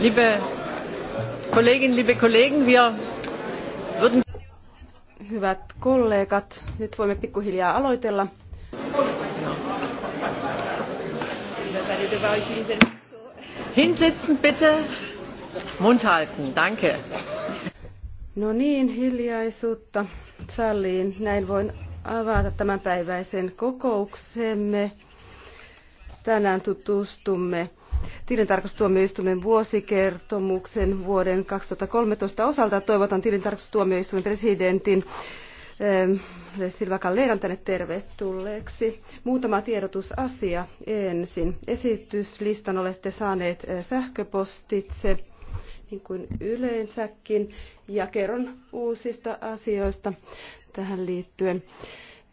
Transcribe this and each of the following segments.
Liebe Kolleginnen, liebe Kollegen, wir würden... Hyvät kollegat, nyt voimme pikkuhiljaa aloitella. Hinsitzen bitte, Mund halten, danke. No niin, hiljaisuutta salliin. Näin voin avata tämänpäiväisen kokouksemme. Tänään tutustumme tilintarkastustuomioistuimen vuosikertomuksen vuoden 2013 osalta. Toivotan tilintarkastustuomioistuimen presidentin ähm, Silva Kalleiran tänne tervetulleeksi. Muutama tiedotusasia ensin. Esityslistan olette saaneet äh, sähköpostitse niin kuin yleensäkin ja kerron uusista asioista tähän liittyen.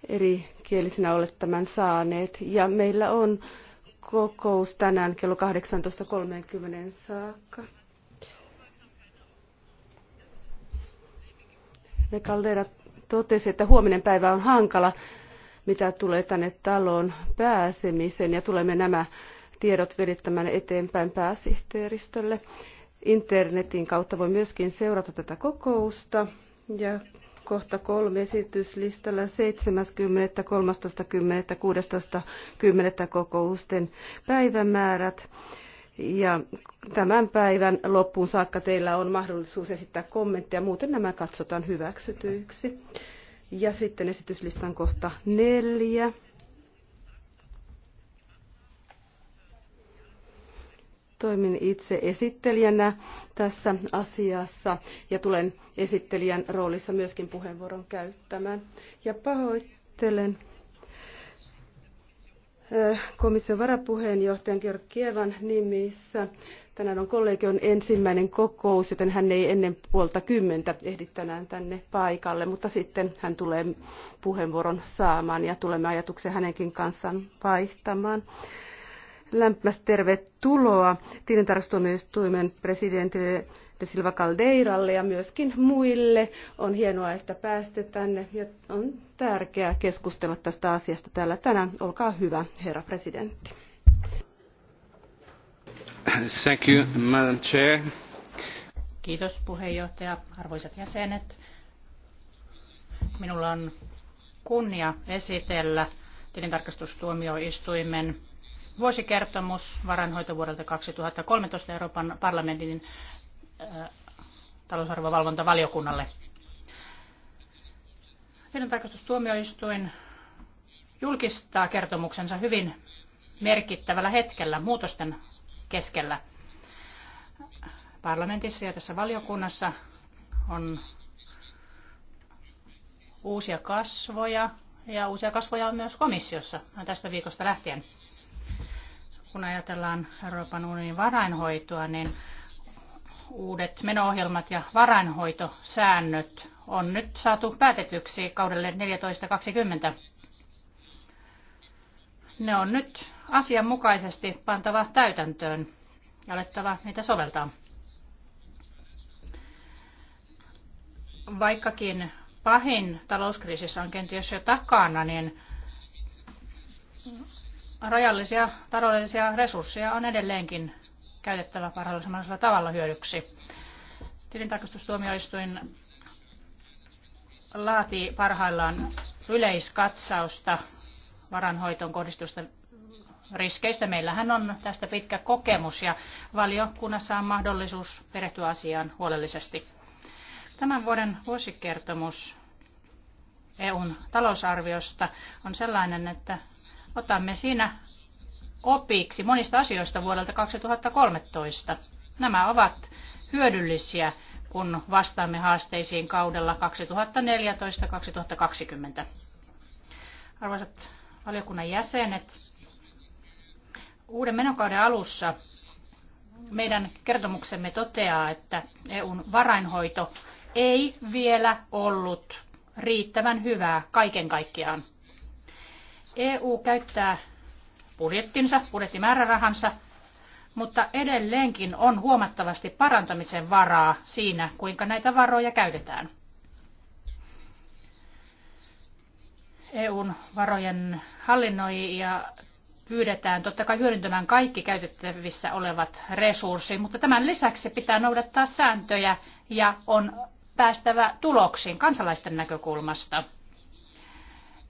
Eri kielisinä olette tämän saaneet ja meillä on kokous tänään kello 18.30 saakka. Me Caldera totesi, että huominen päivä on hankala, mitä tulee tänne taloon pääsemiseen, ja tulemme nämä tiedot virittämään eteenpäin pääsihteeristölle. Internetin kautta voi myöskin seurata tätä kokousta, ja kohta kolme esityslistalla 70, 30, 16, kokousten päivämäärät. Ja tämän päivän loppuun saakka teillä on mahdollisuus esittää kommentteja, muuten nämä katsotaan hyväksytyiksi. Ja sitten esityslistan kohta neljä. Toimin itse esittelijänä tässä asiassa ja tulen esittelijän roolissa myöskin puheenvuoron käyttämään. Ja pahoittelen äh, komission varapuheenjohtajan Georg Kievan nimissä. Tänään on kollegion ensimmäinen kokous, joten hän ei ennen puolta kymmentä ehdi tänään tänne paikalle, mutta sitten hän tulee puheenvuoron saamaan ja tulemme ajatuksen hänenkin kanssaan vaihtamaan lämpimästi tervetuloa tilintarkastustuomioistuimen presidentille De Silva Caldeiralle ja myöskin muille. On hienoa, että pääsitte tänne ja on tärkeää keskustella tästä asiasta täällä tänään. Olkaa hyvä, herra presidentti. Thank you, Madam Chair. Kiitos puheenjohtaja, arvoisat jäsenet. Minulla on kunnia esitellä tilintarkastustuomioistuimen vuosikertomus varainhoitovuodelta 2013 Euroopan parlamentin äh, talousarvovalvontavaliokunnalle. tarkastustuomioistuin julkistaa kertomuksensa hyvin merkittävällä hetkellä muutosten keskellä. Parlamentissa ja tässä valiokunnassa on uusia kasvoja ja uusia kasvoja on myös komissiossa tästä viikosta lähtien kun ajatellaan Euroopan unionin varainhoitoa, niin uudet menoohjelmat ja varainhoitosäännöt on nyt saatu päätetyksi kaudelle 14.20. Ne on nyt asianmukaisesti pantava täytäntöön ja alettava niitä soveltaa. Vaikkakin pahin talouskriisissä on kenties jo takana, niin rajallisia taloudellisia resursseja on edelleenkin käytettävä parhaalla mahdollisella tavalla hyödyksi. Tilintarkastustuomioistuin laatii parhaillaan yleiskatsausta varanhoitoon kohdistusta riskeistä. Meillähän on tästä pitkä kokemus ja valiokunnassa on mahdollisuus perehtyä asiaan huolellisesti. Tämän vuoden vuosikertomus EUn talousarviosta on sellainen, että Otamme siinä opiksi monista asioista vuodelta 2013. Nämä ovat hyödyllisiä, kun vastaamme haasteisiin kaudella 2014-2020. Arvoisat valiokunnan jäsenet, uuden menokauden alussa meidän kertomuksemme toteaa, että EUn varainhoito ei vielä ollut riittävän hyvää kaiken kaikkiaan. EU käyttää budjettinsa, budjettimäärärahansa, mutta edelleenkin on huomattavasti parantamisen varaa siinä, kuinka näitä varoja käytetään. EUn varojen hallinnoijia pyydetään totta kai hyödyntämään kaikki käytettävissä olevat resurssit, mutta tämän lisäksi pitää noudattaa sääntöjä ja on päästävä tuloksiin kansalaisten näkökulmasta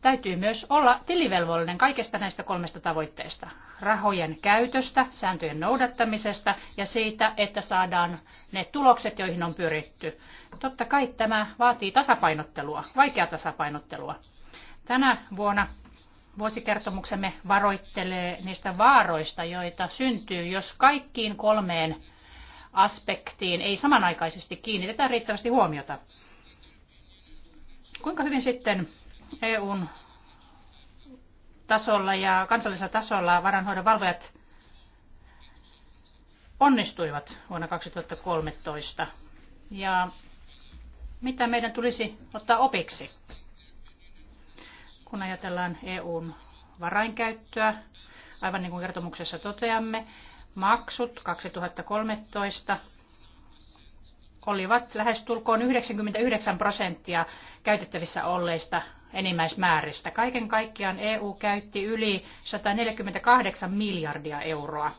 täytyy myös olla tilivelvollinen kaikista näistä kolmesta tavoitteesta. Rahojen käytöstä, sääntöjen noudattamisesta ja siitä, että saadaan ne tulokset, joihin on pyritty. Totta kai tämä vaatii tasapainottelua, vaikeaa tasapainottelua. Tänä vuonna vuosikertomuksemme varoittelee niistä vaaroista, joita syntyy, jos kaikkiin kolmeen aspektiin ei samanaikaisesti kiinnitetä riittävästi huomiota. Kuinka hyvin sitten EUn tasolla ja kansallisella tasolla varanhoidon valvojat onnistuivat vuonna 2013. Ja mitä meidän tulisi ottaa opiksi, kun ajatellaan EUn varainkäyttöä, aivan niin kuin kertomuksessa toteamme, maksut 2013 olivat lähestulkoon 99 prosenttia käytettävissä olleista enimmäismääristä. Kaiken kaikkiaan EU käytti yli 148 miljardia euroa.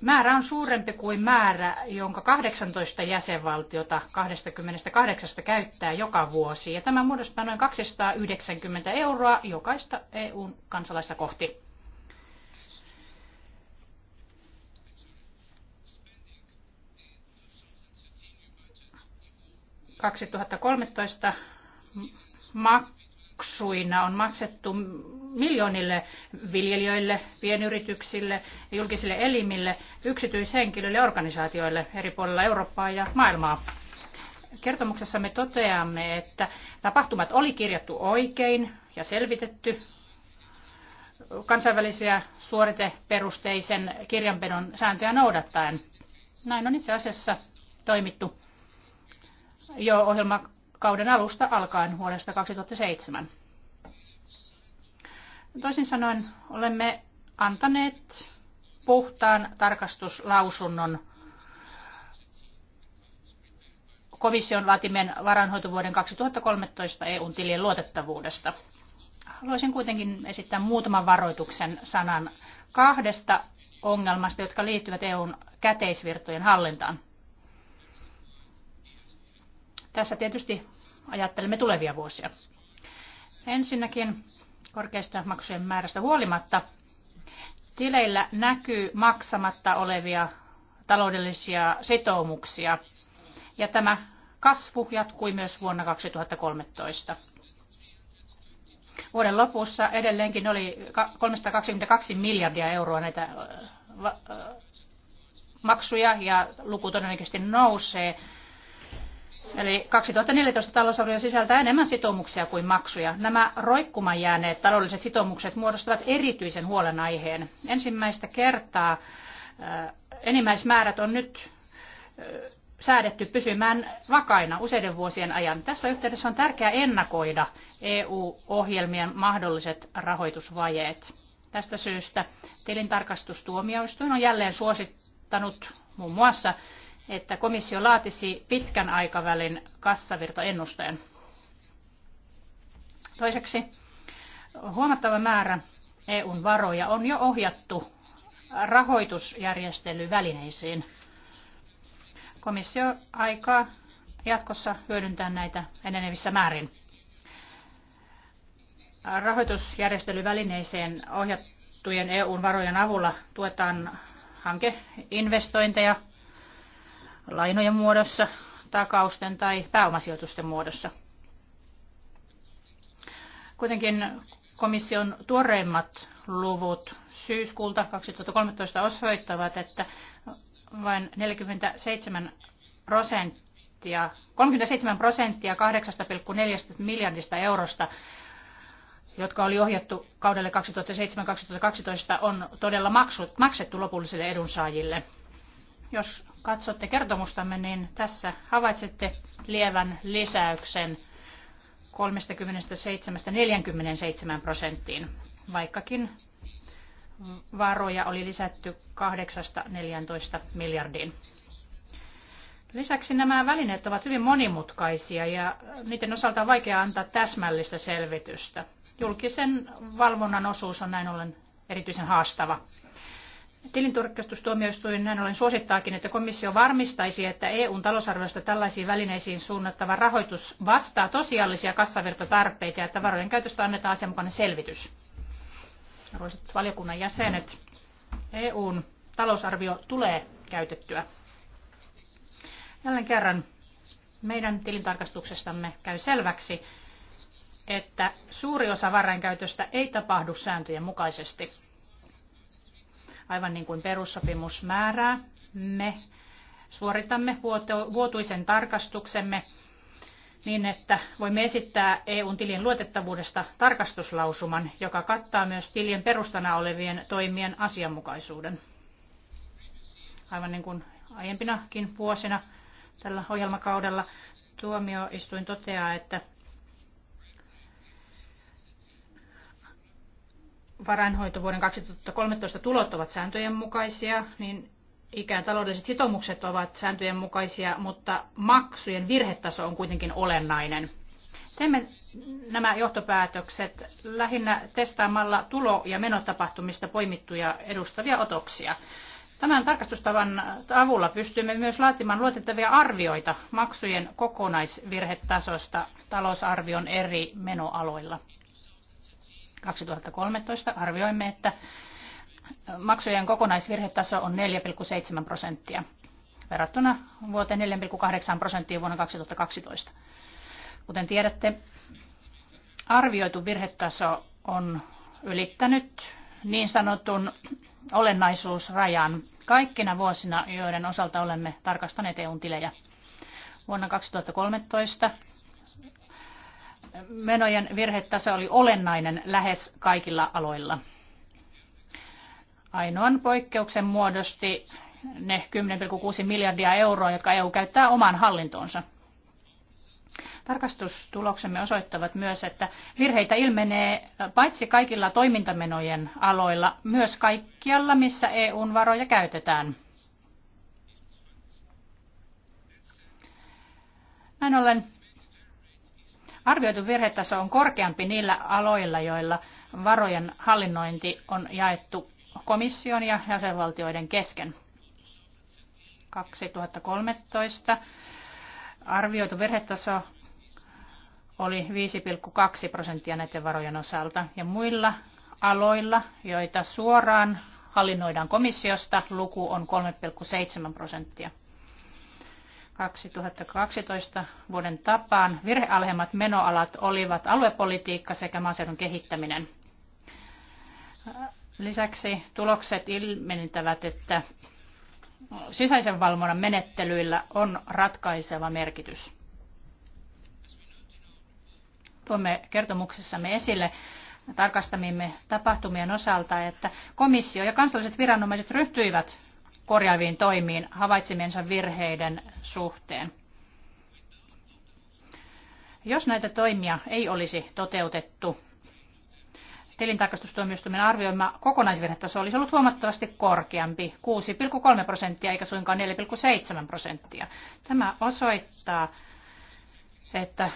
Määrä on suurempi kuin määrä, jonka 18 jäsenvaltiota 28 käyttää joka vuosi. Ja tämä muodostaa noin 290 euroa jokaista EUn kansalaista kohti. kaksituhatta kolmetoista maksuina on maksettu miljoonille viljelijöille, pienyrityksille, julkisille elimille, yksityishenkilöille ja organisaatioille eri puolilla Eurooppaa ja maailmaa. Kertomuksessa me toteamme, että tapahtumat oli kirjattu oikein ja selvitetty kansainvälisiä suoriteperusteisen kirjanpidon sääntöjä noudattaen. Näin on itse asiassa toimittu jo ohjelma kauden alusta alkaen vuodesta 2007. Toisin sanoen olemme antaneet puhtaan tarkastuslausunnon komission laatimien varanhoitovuoden 2013 EUn tilien luotettavuudesta. Haluaisin kuitenkin esittää muutaman varoituksen sanan kahdesta ongelmasta, jotka liittyvät EUn käteisvirtojen hallintaan. Tässä tietysti ajattelemme tulevia vuosia. Ensinnäkin korkeasta maksujen määrästä huolimatta tileillä näkyy maksamatta olevia taloudellisia sitoumuksia ja tämä kasvu jatkui myös vuonna 2013. Vuoden lopussa edelleenkin oli 322 miljardia euroa näitä äh, äh, maksuja ja luku todennäköisesti nousee Eli 2014 talousarvio sisältää enemmän sitoumuksia kuin maksuja. Nämä roikkumaan jääneet taloudelliset sitoumukset muodostavat erityisen huolenaiheen. Ensimmäistä kertaa äh, enimmäismäärät on nyt äh, säädetty pysymään vakaina useiden vuosien ajan. Tässä yhteydessä on tärkeää ennakoida EU-ohjelmien mahdolliset rahoitusvajeet. Tästä syystä tilintarkastustuomioistuin on jälleen suosittanut muun muassa että komissio laatisi pitkän aikavälin kassavirtaennusteen. Toiseksi huomattava määrä EUn varoja on jo ohjattu rahoitusjärjestelyvälineisiin. Komissio aikaa jatkossa hyödyntää näitä enenevissä määrin. Rahoitusjärjestelyvälineeseen ohjattujen EUn varojen avulla tuetaan hankeinvestointeja, lainojen muodossa, takausten tai pääomasijoitusten muodossa. Kuitenkin komission tuoreimmat luvut syyskuulta 2013 osoittavat, että vain 47 prosenttia, 37 prosenttia 8,4 miljardista eurosta, jotka oli ohjattu kaudelle 2007-2012, on todella maksettu lopullisille edunsaajille. Jos katsotte kertomustamme, niin tässä havaitsette lievän lisäyksen 37-47 prosenttiin, vaikkakin varoja oli lisätty 8-14 miljardiin. Lisäksi nämä välineet ovat hyvin monimutkaisia ja niiden osalta on vaikea antaa täsmällistä selvitystä. Julkisen valvonnan osuus on näin ollen erityisen haastava. Tilintarkastustuomioistuin näin ollen suosittaakin, että komissio varmistaisi, että EUn talousarviosta tällaisiin välineisiin suunnattava rahoitus vastaa tosiallisia kassavirtotarpeita ja että varojen käytöstä annetaan asianmukainen selvitys. Arvoisat valiokunnan jäsenet, EUn talousarvio tulee käytettyä. Jälleen kerran meidän tilintarkastuksestamme käy selväksi, että suuri osa varainkäytöstä ei tapahdu sääntöjen mukaisesti Aivan niin kuin perussopimus määrää, me suoritamme vuotuisen tarkastuksemme niin, että voimme esittää EUn tilien luotettavuudesta tarkastuslausuman, joka kattaa myös tilien perustana olevien toimien asianmukaisuuden. Aivan niin kuin aiempinakin vuosina tällä ohjelmakaudella tuomioistuin toteaa, että varainhoitovuoden 2013 tulot ovat sääntöjen mukaisia, niin ikään taloudelliset sitoumukset ovat sääntöjen mukaisia, mutta maksujen virhetaso on kuitenkin olennainen. Teemme nämä johtopäätökset lähinnä testaamalla tulo- ja menotapahtumista poimittuja edustavia otoksia. Tämän tarkastustavan avulla pystymme myös laatimaan luotettavia arvioita maksujen kokonaisvirhetasosta talousarvion eri menoaloilla. 2013 arvioimme, että maksujen kokonaisvirhetaso on 4,7 prosenttia verrattuna vuoteen 4,8 prosenttiin vuonna 2012. Kuten tiedätte, arvioitu virhetaso on ylittänyt niin sanotun olennaisuusrajan kaikkina vuosina, joiden osalta olemme tarkastaneet EUn tilejä. Vuonna 2013 menojen virhetaso oli olennainen lähes kaikilla aloilla. Ainoan poikkeuksen muodosti ne 10,6 miljardia euroa, jotka EU käyttää omaan hallintoonsa. Tarkastustuloksemme osoittavat myös, että virheitä ilmenee paitsi kaikilla toimintamenojen aloilla, myös kaikkialla, missä EUn varoja käytetään. Näin ollen Arvioitu virhetaso on korkeampi niillä aloilla, joilla varojen hallinnointi on jaettu komission ja jäsenvaltioiden kesken. 2013 arvioitu virhetaso oli 5,2 prosenttia näiden varojen osalta ja muilla aloilla, joita suoraan hallinnoidaan komissiosta, luku on 3,7 prosenttia. 2012 vuoden tapaan virhealhemmat menoalat olivat aluepolitiikka sekä maaseudun kehittäminen. Lisäksi tulokset ilmentävät, että sisäisen valvonnan menettelyillä on ratkaiseva merkitys. Tuomme kertomuksessamme esille tarkastamimme tapahtumien osalta, että komissio ja kansalliset viranomaiset ryhtyivät korjaaviin toimiin havaitsemiensa virheiden suhteen. Jos näitä toimia ei olisi toteutettu, tilintarkastustuomioistuimen arvioima kokonaisvirhetaso olisi ollut huomattavasti korkeampi, 6,3 prosenttia eikä suinkaan 4,7 prosenttia. Tämä osoittaa, että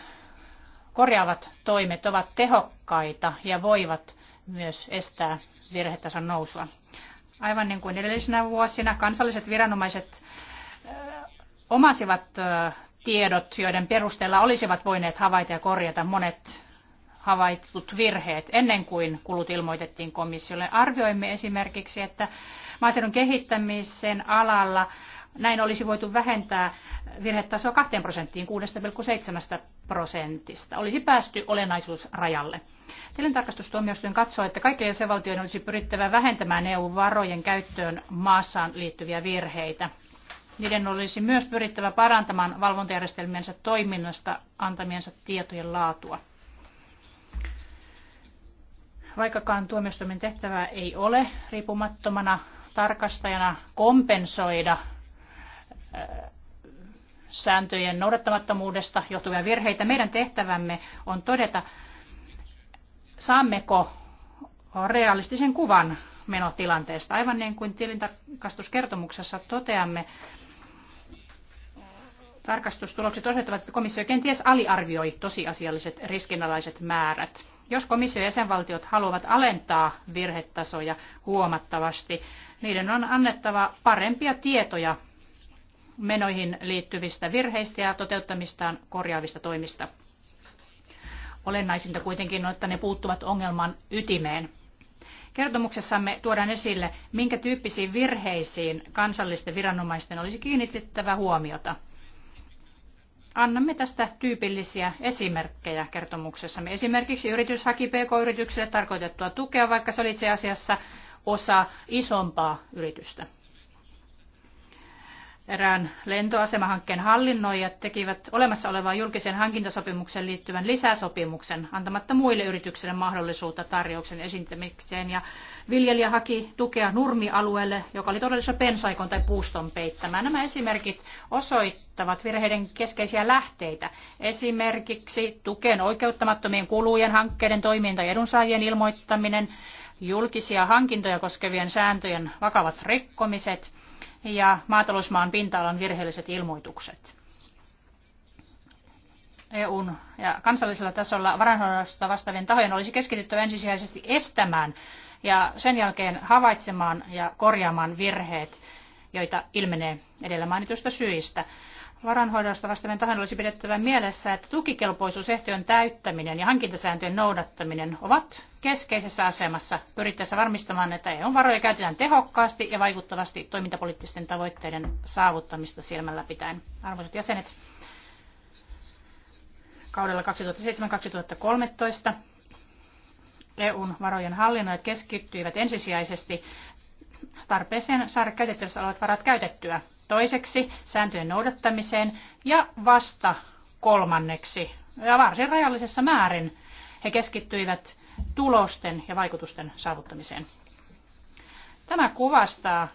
korjaavat toimet ovat tehokkaita ja voivat myös estää virhetason nousua. Aivan niin kuin edellisinä vuosina kansalliset viranomaiset omasivat tiedot, joiden perusteella olisivat voineet havaita ja korjata monet havaitut virheet ennen kuin kulut ilmoitettiin komissiolle. Arvioimme esimerkiksi, että maaseudun kehittämisen alalla näin olisi voitu vähentää virhetasoa 2 prosenttiin 6,7 prosentista. Olisi päästy olennaisuusrajalle. Tilintarkastustuomioistuin katsoo, että kaikkien jäsenvaltioiden olisi pyrittävä vähentämään EU-varojen käyttöön maassaan liittyviä virheitä. Niiden olisi myös pyrittävä parantamaan valvontajärjestelmiensä toiminnasta antamiensa tietojen laatua. Vaikkakaan tuomioistuimen tehtävä ei ole riippumattomana tarkastajana kompensoida sääntöjen noudattamattomuudesta johtuvia virheitä. Meidän tehtävämme on todeta, saammeko realistisen kuvan menotilanteesta. Aivan niin kuin tilintarkastuskertomuksessa toteamme, tarkastustulokset osoittavat, että komissio kenties aliarvioi tosiasialliset riskinalaiset määrät. Jos komissio ja jäsenvaltiot haluavat alentaa virhetasoja huomattavasti, niiden on annettava parempia tietoja menoihin liittyvistä virheistä ja toteuttamistaan korjaavista toimista. Olennaisinta kuitenkin on, että ne puuttuvat ongelman ytimeen. Kertomuksessamme tuodaan esille, minkä tyyppisiin virheisiin kansallisten viranomaisten olisi kiinnitettävä huomiota. Annamme tästä tyypillisiä esimerkkejä kertomuksessamme. Esimerkiksi yritys haki pk-yritykselle tarkoitettua tukea, vaikka se oli itse asiassa osa isompaa yritystä erään lentoasemahankkeen hallinnoijat tekivät olemassa olevaan julkiseen hankintasopimukseen liittyvän lisäsopimuksen antamatta muille yrityksille mahdollisuutta tarjouksen esittämiseen. Ja viljelijä haki tukea nurmialueelle, joka oli todellisessa pensaikon tai puuston peittämään. Nämä esimerkit osoittavat virheiden keskeisiä lähteitä. Esimerkiksi tukeen oikeuttamattomien kulujen, hankkeiden, toimien tai edunsaajien ilmoittaminen, julkisia hankintoja koskevien sääntöjen vakavat rikkomiset – ja maatalousmaan pinta-alan virheelliset ilmoitukset. EUn ja kansallisella tasolla varainhoidosta vastaavien tahojen olisi keskityttävä ensisijaisesti estämään ja sen jälkeen havaitsemaan ja korjaamaan virheet, joita ilmenee edellä mainituista syistä varanhoidosta vastaavien tahon olisi pidettävä mielessä, että tukikelpoisuusehtojen täyttäminen ja hankintasääntöjen noudattaminen ovat keskeisessä asemassa pyrittäessä varmistamaan, että EUn varoja käytetään tehokkaasti ja vaikuttavasti toimintapoliittisten tavoitteiden saavuttamista silmällä pitäen. Arvoisat jäsenet, kaudella 2007-2013 EUn varojen hallinnoijat keskittyivät ensisijaisesti tarpeeseen saada käytettävissä olevat varat käytettyä toiseksi sääntöjen noudattamiseen ja vasta kolmanneksi ja varsin rajallisessa määrin he keskittyivät tulosten ja vaikutusten saavuttamiseen. Tämä kuvastaa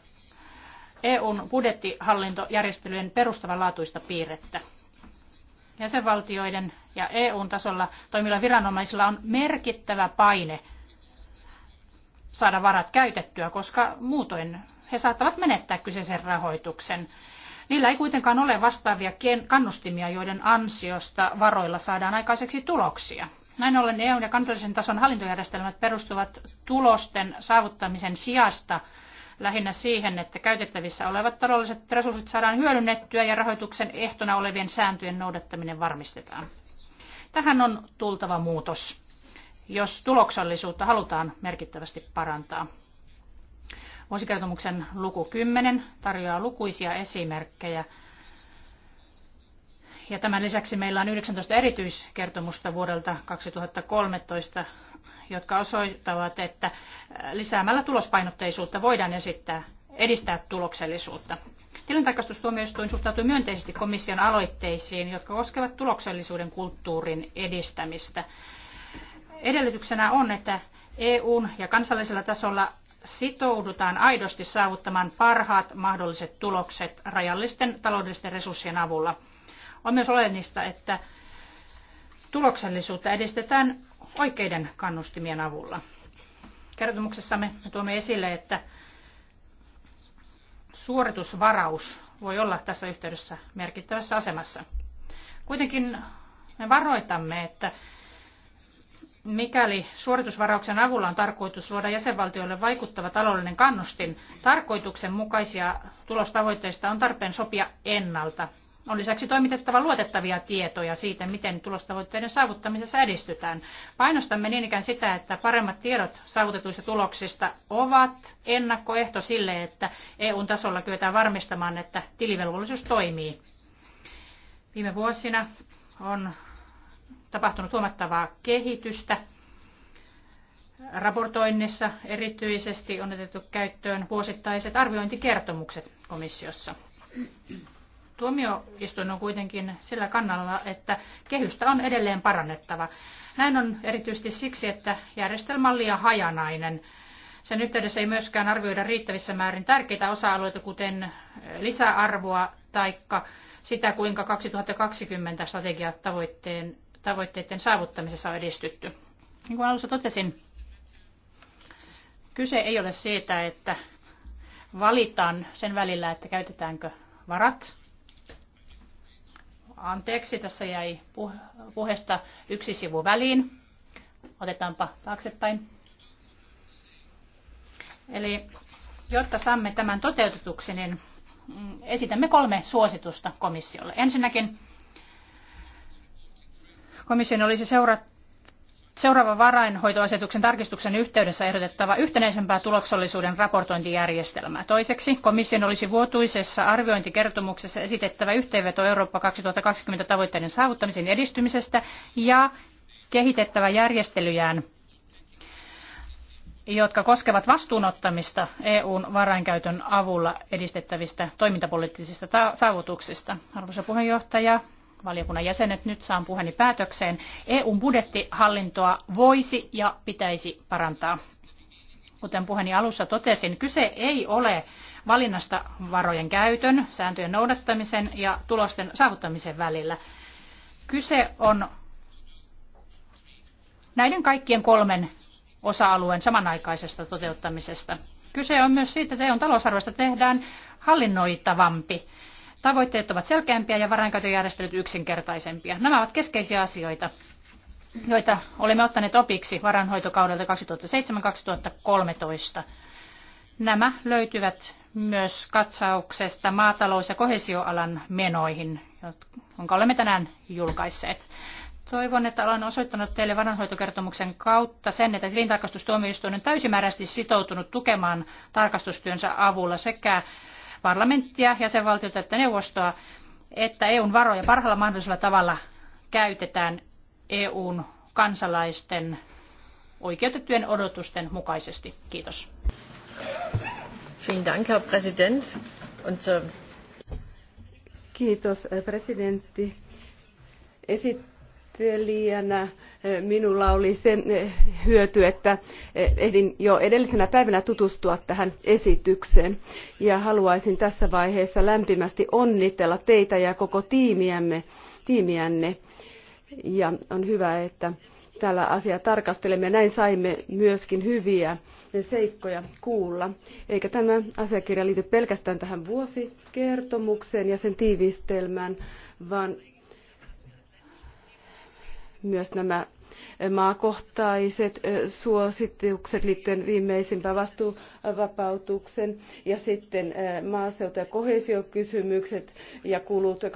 EUn budjettihallintojärjestelyjen perustavanlaatuista piirrettä. Jäsenvaltioiden ja EUn tasolla toimilla viranomaisilla on merkittävä paine saada varat käytettyä, koska muutoin he saattavat menettää kyseisen rahoituksen. Niillä ei kuitenkaan ole vastaavia kannustimia, joiden ansiosta varoilla saadaan aikaiseksi tuloksia. Näin ollen EUn ja kansallisen tason hallintojärjestelmät perustuvat tulosten saavuttamisen sijasta lähinnä siihen, että käytettävissä olevat taloudelliset resurssit saadaan hyödynnettyä ja rahoituksen ehtona olevien sääntöjen noudattaminen varmistetaan. Tähän on tultava muutos, jos tuloksellisuutta halutaan merkittävästi parantaa. Vuosikertomuksen luku 10 tarjoaa lukuisia esimerkkejä. Ja tämän lisäksi meillä on 19 erityiskertomusta vuodelta 2013, jotka osoittavat, että lisäämällä tulospainotteisuutta voidaan esittää, edistää tuloksellisuutta. Tilintarkastustuomioistuin suhtautui myönteisesti komission aloitteisiin, jotka koskevat tuloksellisuuden kulttuurin edistämistä. Edellytyksenä on, että EUn ja kansallisella tasolla sitoudutaan aidosti saavuttamaan parhaat mahdolliset tulokset rajallisten taloudellisten resurssien avulla. On myös oleellista, että tuloksellisuutta edistetään oikeiden kannustimien avulla. Kertomuksessamme me tuomme esille, että suoritusvaraus voi olla tässä yhteydessä merkittävässä asemassa. Kuitenkin me varoitamme, että Mikäli suoritusvarauksen avulla on tarkoitus luoda jäsenvaltioille vaikuttava taloudellinen kannustin, tarkoituksenmukaisia tulostavoitteista on tarpeen sopia ennalta. On lisäksi toimitettava luotettavia tietoja siitä, miten tulostavoitteiden saavuttamisessa edistytään. Painostamme niin ikään sitä, että paremmat tiedot saavutetuista tuloksista ovat ennakkoehto sille, että EUn tasolla kyetään varmistamaan, että tilivelvollisuus toimii. Viime vuosina on tapahtunut huomattavaa kehitystä. Raportoinnissa erityisesti on otettu käyttöön vuosittaiset arviointikertomukset komissiossa. Tuomioistuin on kuitenkin sillä kannalla, että kehystä on edelleen parannettava. Näin on erityisesti siksi, että järjestelmä on liian hajanainen. Sen yhteydessä ei myöskään arvioida riittävissä määrin tärkeitä osa-alueita, kuten lisäarvoa tai sitä, kuinka 2020 strategiatavoitteen tavoitteiden saavuttamisessa on edistytty. Niin kuin alussa totesin, kyse ei ole siitä, että valitaan sen välillä, että käytetäänkö varat. Anteeksi, tässä jäi puheesta yksi sivu väliin. Otetaanpa taaksepäin. Eli jotta saamme tämän toteutetuksi, niin esitämme kolme suositusta komissiolle. Ensinnäkin Komission olisi seurat, seuraava varainhoitoasetuksen tarkistuksen yhteydessä ehdotettava yhtenäisempää tuloksellisuuden raportointijärjestelmää. Toiseksi komission olisi vuotuisessa arviointikertomuksessa esitettävä yhteenveto Eurooppa 2020 tavoitteiden saavuttamisen edistymisestä ja kehitettävä järjestelyjään jotka koskevat vastuunottamista EUn varainkäytön avulla edistettävistä toimintapoliittisista saavutuksista. Arvoisa puheenjohtaja, valiokunnan jäsenet, nyt saan puheeni päätökseen. EUn budjettihallintoa voisi ja pitäisi parantaa. Kuten puheeni alussa totesin, kyse ei ole valinnasta varojen käytön, sääntöjen noudattamisen ja tulosten saavuttamisen välillä. Kyse on näiden kaikkien kolmen osa-alueen samanaikaisesta toteuttamisesta. Kyse on myös siitä, että EUn talousarvosta tehdään hallinnoitavampi. Tavoitteet ovat selkeämpiä ja varainkäytöjärjestelyt yksinkertaisempia. Nämä ovat keskeisiä asioita, joita olemme ottaneet opiksi varanhoitokaudelta 2007-2013. Nämä löytyvät myös katsauksesta maatalous- ja kohesioalan menoihin, jonka olemme tänään julkaisseet. Toivon, että olen osoittanut teille varanhoitokertomuksen kautta sen, että tilintarkastustuomioistuin on täysimääräisesti sitoutunut tukemaan tarkastustyönsä avulla sekä parlamenttia, jäsenvaltiota että neuvostoa, että EUn varoja parhaalla mahdollisella tavalla käytetään EUn kansalaisten oikeutettujen odotusten mukaisesti. Kiitos. Kiitos äh, presidentti. Esittelijänä minulla oli se eh, hyöty, että eh, ehdin jo edellisenä päivänä tutustua tähän esitykseen. Ja haluaisin tässä vaiheessa lämpimästi onnitella teitä ja koko tiimiämme, tiimiänne. Ja on hyvä, että tällä asiaa tarkastelemme. Näin saimme myöskin hyviä seikkoja kuulla. Eikä tämä asiakirja liity pelkästään tähän vuosikertomukseen ja sen tiivistelmään, vaan myös nämä maakohtaiset suositukset liittyen viimeisimpään vastuuvapautuksen ja sitten maaseutu- ja kohesiokysymykset ja kulut 2007-2013.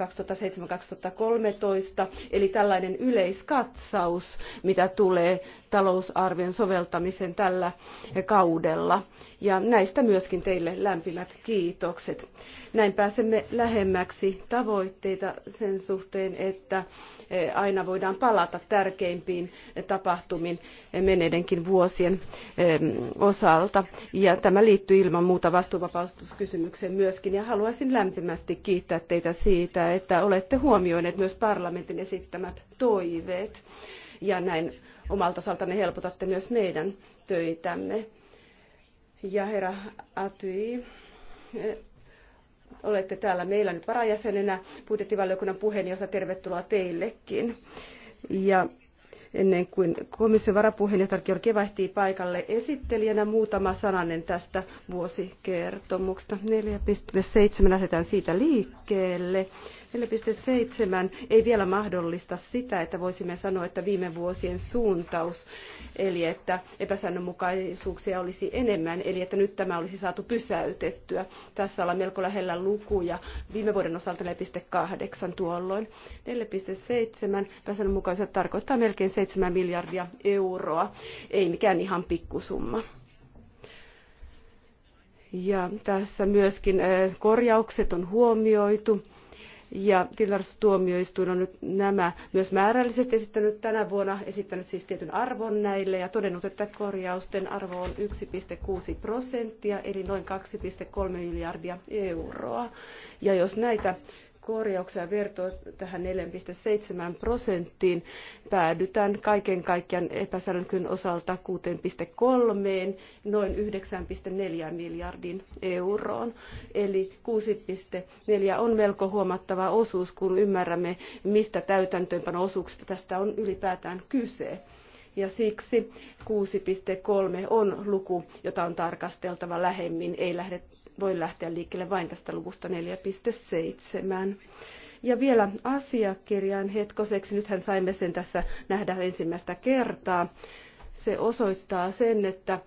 Eli tällainen yleiskatsaus, mitä tulee talousarvion soveltamisen tällä kaudella. Ja näistä myöskin teille lämpimät kiitokset. Näin pääsemme lähemmäksi tavoitteita sen suhteen, että eh, aina voidaan palata tärkeimpiin tapahtumiin menneidenkin vuosien eh, osalta. Ja tämä liittyy ilman muuta vastuuvapauskysymykseen myöskin. Ja haluaisin lämpimästi kiittää teitä siitä, että olette huomioineet myös parlamentin esittämät toiveet ja näin omalta osaltanne helpotatte myös meidän töitämme. Ja herra Atui, eh, olette täällä meillä nyt varajäsenenä, budjettivaliokunnan puheenjohtaja, tervetuloa teillekin. Ja ennen kuin komission varapuheenjohtaja Georgi vaihtii paikalle esittelijänä muutama sananen tästä vuosikertomuksesta. 4.7 lähdetään siitä liikkeelle. 4.7 ei vielä mahdollista sitä, että voisimme sanoa, että viime vuosien suuntaus, eli että epäsäännönmukaisuuksia olisi enemmän, eli että nyt tämä olisi saatu pysäytettyä. Tässä ollaan melko lähellä lukuja. Viime vuoden osalta 4.8 tuolloin. 4.7 epäsäännönmukaiset tarkoittaa melkein 7 miljardia euroa. Ei mikään ihan pikkusumma. Ja tässä myöskin eh, korjaukset on huomioitu ja tilastuomioistuin on nyt nämä myös määrällisesti esittänyt tänä vuonna, esittänyt siis tietyn arvon näille ja todennut, että korjausten arvo on 1,6 prosenttia, eli noin 2,3 miljardia euroa. Ja jos näitä korjauksia vertoo tähän 4,7 prosenttiin, päädytään kaiken kaikkiaan epäsäännön osalta 6,3, noin 9,4 miljardin euroon. Eli 6,4 on melko huomattava osuus, kun ymmärrämme, mistä täytäntöönpano-osuuksista tästä on ylipäätään kyse ja siksi 6.3 on luku, jota on tarkasteltava lähemmin. Ei lähde, voi lähteä liikkeelle vain tästä luvusta 4.7. Ja vielä asiakirjaan hetkoseksi, nythän saimme sen tässä nähdä ensimmäistä kertaa. Se osoittaa sen, että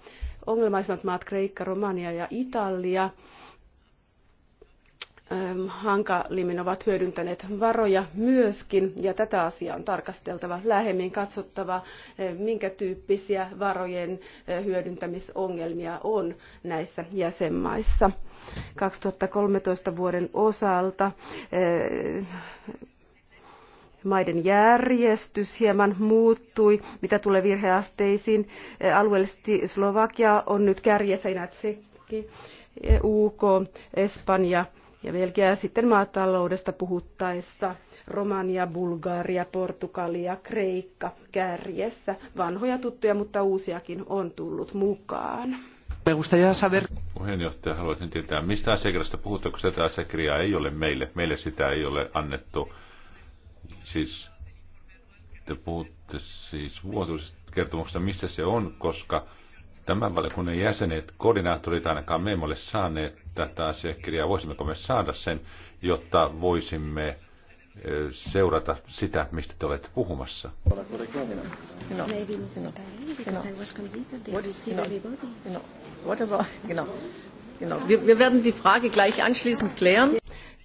ongelmaisimmat maat, Kreikka, Romania ja Italia, Ähm, hankalimmin ovat hyödyntäneet varoja myöskin, ja tätä asiaa on tarkasteltava lähemmin, katsottava, äh, minkä tyyppisiä varojen äh, hyödyntämisongelmia on näissä jäsenmaissa. 2013 vuoden osalta äh, maiden järjestys hieman muuttui. Mitä tulee virheasteisiin, alueellisesti Slovakia on nyt kärjessä, Natsekki, e UK, Espanja, ja Belgiaa sitten maataloudesta puhuttaessa Romania, Bulgaria, Portugalia, Kreikka kärjessä. Vanhoja tuttuja, mutta uusiakin on tullut mukaan. Me Puheenjohtaja, haluaisin tietää, mistä asiakirjasta puhutte, kun tätä asiakirjaa ei ole meille. Meille sitä ei ole annettu. Siis te puhutte siis vuotuisesta kertomuksesta, missä se on, koska tämän valiokunnan jäsenet, koordinaattorit ainakaan me emme ole saaneet tätä asiakirjaa. Voisimmeko me saada sen, jotta voisimme eh, seurata sitä, mistä te olette puhumassa.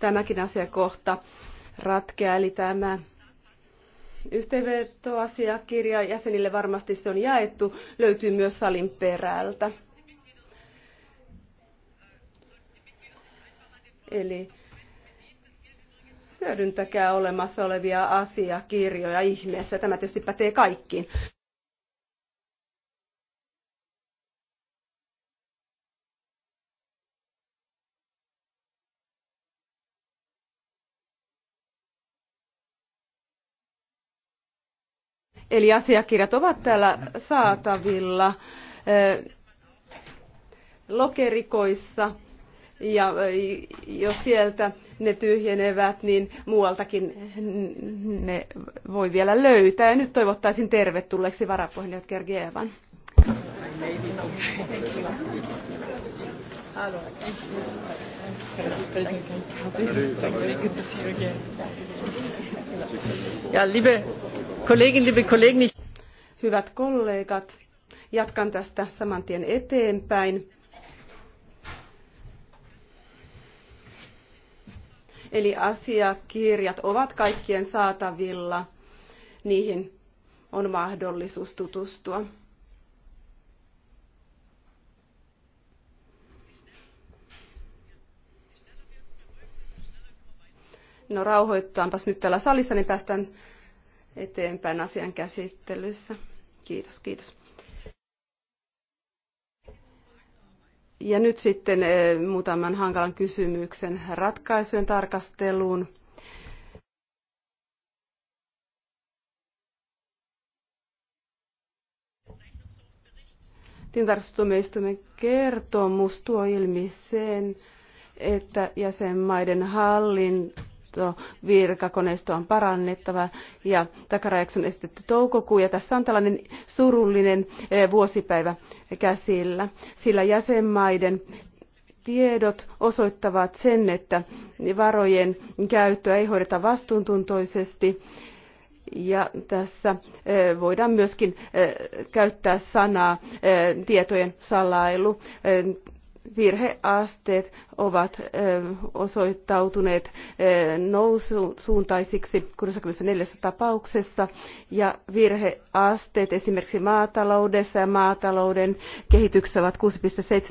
Tämäkin asiakohta ratkeaa, eli tämä yhteenvetoasiakirja. Jäsenille varmasti se on jaettu. Löytyy myös salin perältä. Eli hyödyntäkää olemassa olevia asiakirjoja ihmeessä. Tämä tietysti pätee kaikkiin. Eli asiakirjat ovat täällä saatavilla eh, lokerikoissa ja eh, jos sieltä ne tyhjenevät, niin muualtakin ne voi vielä löytää. Ja nyt toivottaisin tervetulleeksi varapuheenjohtaja Thank you liebe Kollegin, liebe Kollegen, Hyvät kollegat, jatkan tästä saman tien eteenpäin. Eli asiakirjat ovat kaikkien saatavilla. Niihin on mahdollisuus tutustua. No rauhoittaanpas nyt täällä salissa, niin päästään eteenpäin asian käsittelyssä. Kiitos, kiitos. Ja nyt sitten eh, muutaman hankalan kysymyksen ratkaisujen tarkasteluun. Tintarstumistumme kertomus tuo ilmi sen, että jäsenmaiden hallin virkakoneistoa on parannettava ja takarajaksi on esitetty toukokuu ja tässä on tällainen surullinen eh, vuosipäivä käsillä sillä jäsenmaiden tiedot osoittavat sen että varojen käyttöä ei hoideta vastuuntuntoisesti ja tässä eh, voidaan myöskin eh, käyttää sanaa tietojen salailu virheasteet ovat osoittautuneet noususuuntaisiksi 64 tapauksessa ja virheasteet esimerkiksi maataloudessa ja maatalouden kehityksessä ovat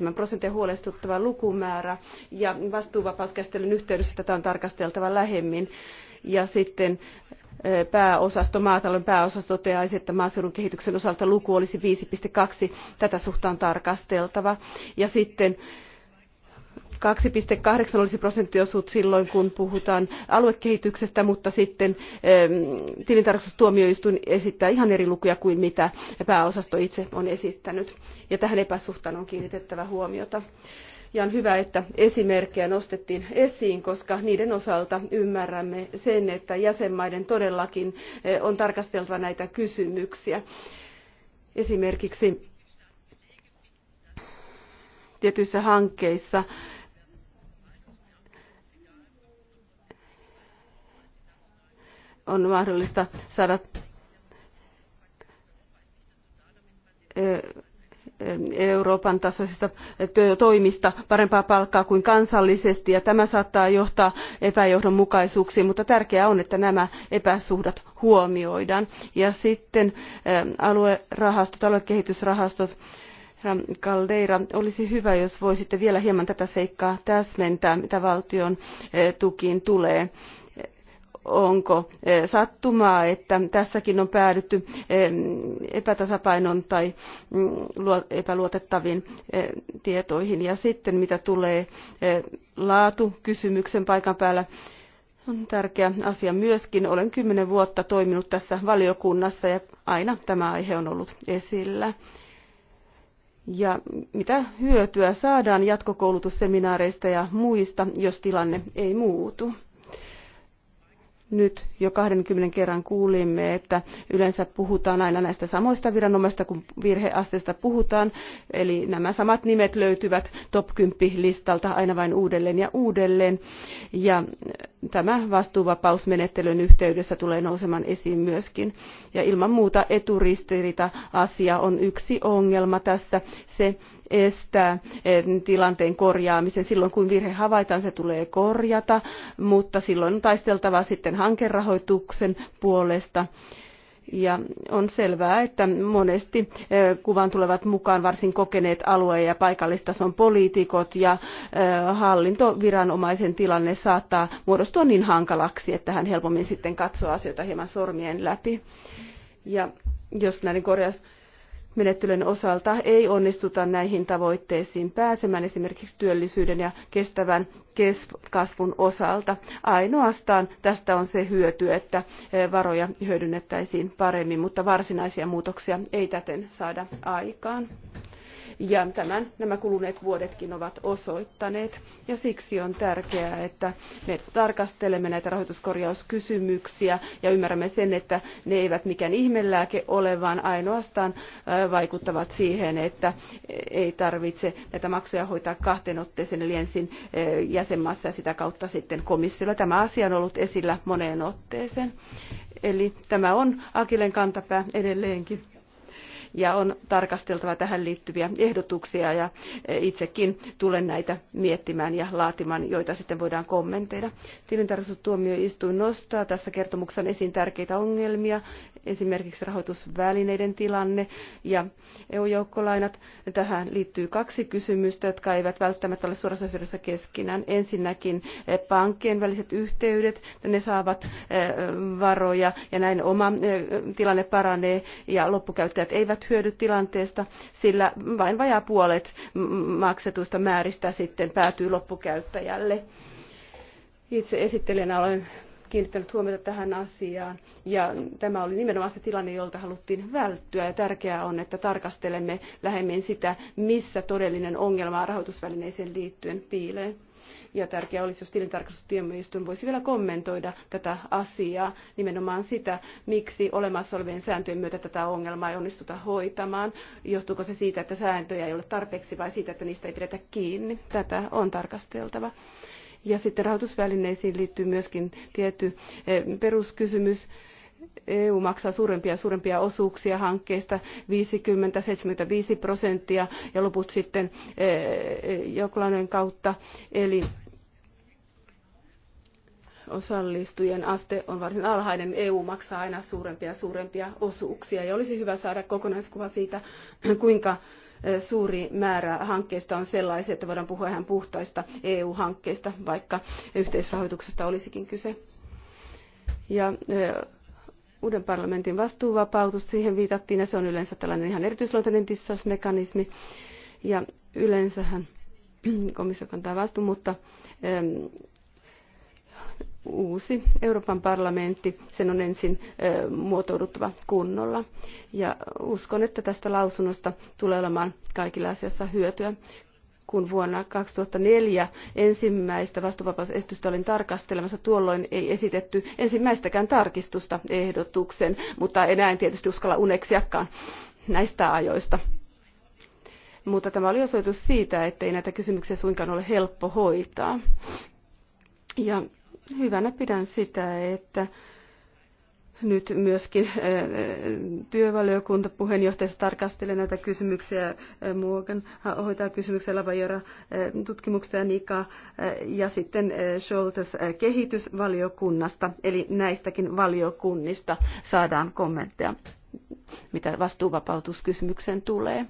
6,7 prosenttia huolestuttava lukumäärä ja vastuuvapauskäsittelyn yhteydessä tätä on tarkasteltava lähemmin ja sitten pääosasto, maatalouden pääosasto toteaisi, että maaseudun kehityksen osalta luku olisi 5,2. Tätä suhtaan on tarkasteltava. Ja sitten 2,8 olisi prosenttiosuus silloin, kun puhutaan aluekehityksestä, mutta sitten ähm, tilintarkastustuomioistuin esittää ihan eri lukuja kuin mitä pääosasto itse on esittänyt. Ja tähän epäsuhtaan on kiinnitettävä huomiota. Ja on hyvä, että esimerkkejä nostettiin esiin, koska niiden osalta ymmärrämme sen, että jäsenmaiden todellakin eh, on tarkasteltava näitä kysymyksiä. Esimerkiksi tietyissä hankkeissa on mahdollista saada eh, Euroopan tasoisista toimista parempaa palkkaa kuin kansallisesti ja tämä saattaa johtaa epäjohdonmukaisuuksiin, mutta tärkeää on, että nämä epäsuhdat huomioidaan. Ja sitten aluerahastot, aluekehitysrahastot, herra Caldeira, olisi hyvä, jos voisitte vielä hieman tätä seikkaa täsmentää, mitä valtion tukiin tulee onko eh, sattumaa, että tässäkin on päädytty eh, epätasapainon tai mm, epäluotettaviin eh, tietoihin. Ja sitten mitä tulee laatukysymyksen paikan päällä, on tärkeä asia myöskin. Olen kymmenen vuotta toiminut tässä valiokunnassa ja aina tämä aihe on ollut esillä. Ja mitä hyötyä saadaan jatkokoulutusseminaareista ja muista, jos tilanne ei muutu? nyt jo 20 kerran kuulimme, että yleensä puhutaan aina näistä samoista viranomaista, kun virheasteista puhutaan. Eli nämä samat nimet löytyvät top 10 listalta aina vain uudelleen ja uudelleen. Ja tämä vastuuvapausmenettelyn yhteydessä tulee nousemaan esiin myöskin. Ja ilman muuta eturistiriita asia on yksi ongelma tässä. Se, estää eh, tilanteen korjaamisen. Silloin kun virhe havaitaan, se tulee korjata, mutta silloin on taisteltava sitten hankerahoituksen puolesta. Ja on selvää, että monesti eh, kuvan tulevat mukaan varsin kokeneet alue- ja paikallistason poliitikot ja eh, hallintoviranomaisen tilanne saattaa muodostua niin hankalaksi, että hän helpommin sitten katsoo asioita hieman sormien läpi. Ja jos näiden korjaus menettelyn osalta ei onnistuta näihin tavoitteisiin pääsemään esimerkiksi työllisyyden ja kestävän kasvun osalta. Ainoastaan tästä on se hyöty, että eh, varoja hyödynnettäisiin paremmin, mutta varsinaisia muutoksia ei täten saada aikaan ja tämän nämä kuluneet vuodetkin ovat osoittaneet. Ja siksi on tärkeää, että me tarkastelemme näitä rahoituskorjauskysymyksiä ja ymmärrämme sen, että ne eivät mikään ihmelääke ole, vaan ainoastaan äh, vaikuttavat siihen, että ei tarvitse näitä maksuja hoitaa kahteen otteeseen, eli ensin äh, jäsenmaassa ja sitä kautta sitten komissiolla. Tämä asia on ollut esillä moneen otteeseen. Eli tämä on Akilen kantapää edelleenkin ja on tarkasteltava tähän liittyviä ehdotuksia ja itsekin tulen näitä miettimään ja laatimaan, joita sitten voidaan kommentoida. Tilintarkastustuomioistuin nostaa tässä kertomuksen esiin tärkeitä ongelmia, esimerkiksi rahoitusvälineiden tilanne ja EU-joukkolainat. Tähän liittyy kaksi kysymystä, jotka eivät välttämättä ole suorassa yhteydessä keskenään. Ensinnäkin eh, pankkien väliset yhteydet, ne saavat eh, varoja ja näin oma eh, tilanne paranee ja loppukäyttäjät eivät hyödy tilanteesta, sillä vain vajaa puolet maksetuista määristä sitten päätyy loppukäyttäjälle. Itse esittelijänä olen kiinnittänyt huomiota tähän asiaan. Ja tämä oli nimenomaan se tilanne, jolta haluttiin välttyä. Ja tärkeää on, että tarkastelemme lähemmin sitä, missä todellinen ongelma rahoitusvälineeseen liittyen piilee. Ja tärkeää olisi, jos tilintarkastustuomioistuin voisi vielä kommentoida tätä asiaa, nimenomaan sitä, miksi olemassa olevien sääntöjen myötä tätä ongelmaa ei onnistuta hoitamaan. Johtuuko se siitä, että sääntöjä ei ole tarpeeksi vai siitä, että niistä ei pidetä kiinni? Tätä on tarkasteltava. Ja sitten rahoitusvälineisiin liittyy myöskin tietty eh, peruskysymys. EU maksaa suurempia ja suurempia osuuksia hankkeista, 50-75 prosenttia ja loput sitten eh, eh, joklainen kautta. Eli osallistujien aste on varsin alhainen. EU maksaa aina suurempia ja suurempia osuuksia ja olisi hyvä saada kokonaiskuva siitä, kuinka suuri määrä hankkeista on sellaisia, että voidaan puhua ihan puhtaista EU-hankkeista, vaikka yhteisrahoituksesta olisikin kyse. Ja uuden parlamentin vastuuvapautus, siihen viitattiin, ja se on yleensä tällainen ihan erityisluontainen mekanismi Ja yleensähän komissio kantaa vastuun, mutta uusi Euroopan parlamentti, sen on ensin muotouduttava kunnolla. Ja uskon, että tästä lausunnosta tulee olemaan kaikilla asiassa hyötyä. Kun vuonna 2004 ensimmäistä vastuuvapausesitystä olin tarkastelemassa, tuolloin ei esitetty ensimmäistäkään tarkistusta ehdotuksen, mutta enää en tietysti uskalla uneksiakaan näistä ajoista mutta tämä oli osoitus siitä, ettei näitä kysymyksiä suinkaan ole helppo hoitaa. Ja Hyvänä pidän sitä, että nyt myöskin äh, työvaliokunta puheenjohtajassa tarkastelee näitä kysymyksiä. Äh, Muokan hoitaa kysymyksiä Lavajora äh, tutkimuksesta Nika ja sitten Scholtes kehitysvaliokunnasta. Eli näistäkin valiokunnista saadaan kommentteja mitä vastuuvapautuskysymykseen tulee.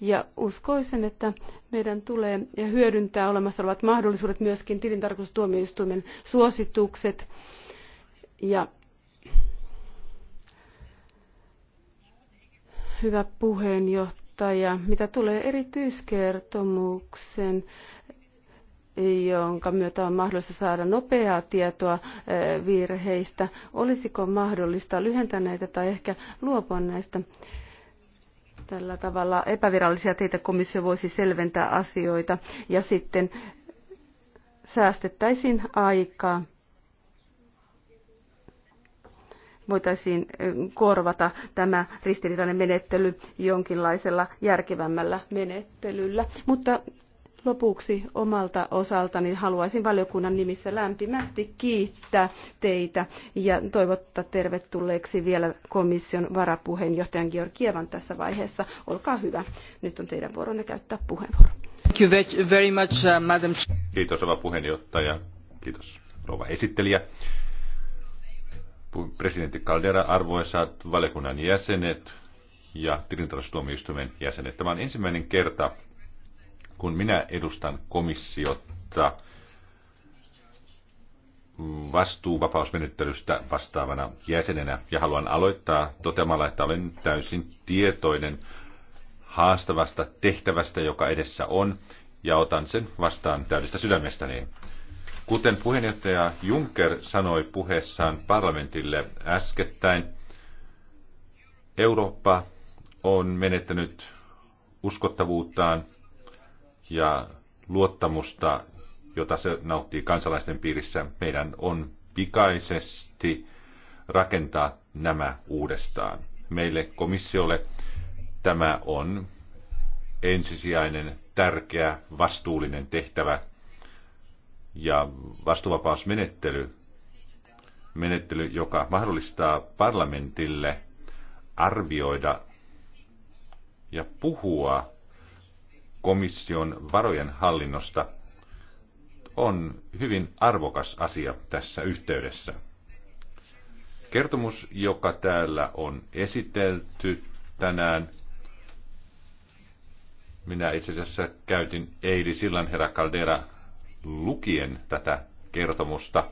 Ja uskoisin, että meidän tulee hyödyntää olemassa olevat mahdollisuudet myöskin tilintarkastustuomioistuimen suositukset ja hyvä puheenjohtaja, mitä tulee erityiskertomuksen jonka myötä on mahdollista saada nopeaa tietoa eh, virheistä. Olisiko mahdollista lyhentää näitä tai ehkä luopua näistä? Tällä tavalla epävirallisia teitä komissio voisi selventää asioita ja sitten säästettäisiin aikaa voitaisiin eh, korvata tämä ristiriitainen menettely jonkinlaisella järkevämmällä menettelyllä. Mutta Lopuksi omalta osaltani haluaisin valiokunnan nimissä lämpimästi kiittää teitä ja toivottaa tervetulleeksi vielä komission varapuheenjohtajan Georgievan tässä vaiheessa. Olkaa hyvä. Nyt on teidän vuoronne käyttää puheenvuoro. Uh, Kiitos rouva puheenjohtaja. Kiitos rouva esittelijä. Presidentti Caldera, arvoisat valiokunnan jäsenet ja tilintarkastustuomioistuimen jäsenet. Tämä on ensimmäinen kerta, kun minä edustan komissiota vastuuvapausmenettelystä vastaavana jäsenenä ja haluan aloittaa toteamalla, että olen täysin tietoinen haastavasta tehtävästä, joka edessä on, ja otan sen vastaan täydestä sydämestäni. Kuten puheenjohtaja Juncker sanoi puheessaan parlamentille äskettäin, Eurooppa on menettänyt uskottavuuttaan ja luottamusta, jota se nauttii kansalaisten piirissä, meidän on pikaisesti rakentaa nämä uudestaan. Meille komissiolle tämä on ensisijainen, tärkeä, vastuullinen tehtävä ja vastuuvapausmenettely, menettely, joka mahdollistaa parlamentille arvioida ja puhua komission varojen hallinnosta on hyvin arvokas asia tässä yhteydessä. Kertomus, joka täällä on esitelty tänään, minä itse asiassa käytin Eili Sillan herra Caldera lukien tätä kertomusta.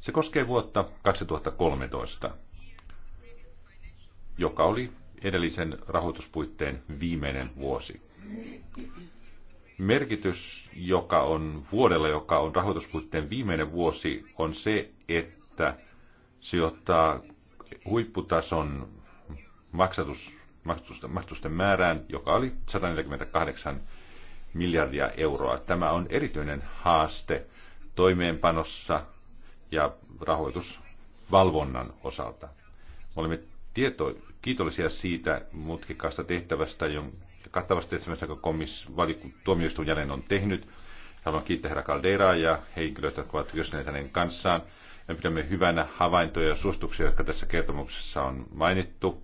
Se koskee vuotta 2013, joka oli edellisen rahoituspuitteen viimeinen vuosi. Merkitys, joka on vuodella, joka on rahoituspuitteen viimeinen vuosi, on se, että sijoittaa huipputason maksatus, maksatusten, maksatusten määrään, joka oli 148 miljardia euroa. Tämä on erityinen haaste toimeenpanossa ja rahoitusvalvonnan osalta. Me olemme tieto, kiitollisia siitä mutkikasta tehtävästä, jonka kattavasta tehtävästä, jonka komis, valiku, tuomioistuin jälleen on tehnyt. Haluan kiittää herra Calderaa ja henkilöitä, jotka ovat työskennelleet hänen kanssaan. Me pidämme hyvänä havaintoja ja suostuksia, jotka tässä kertomuksessa on mainittu.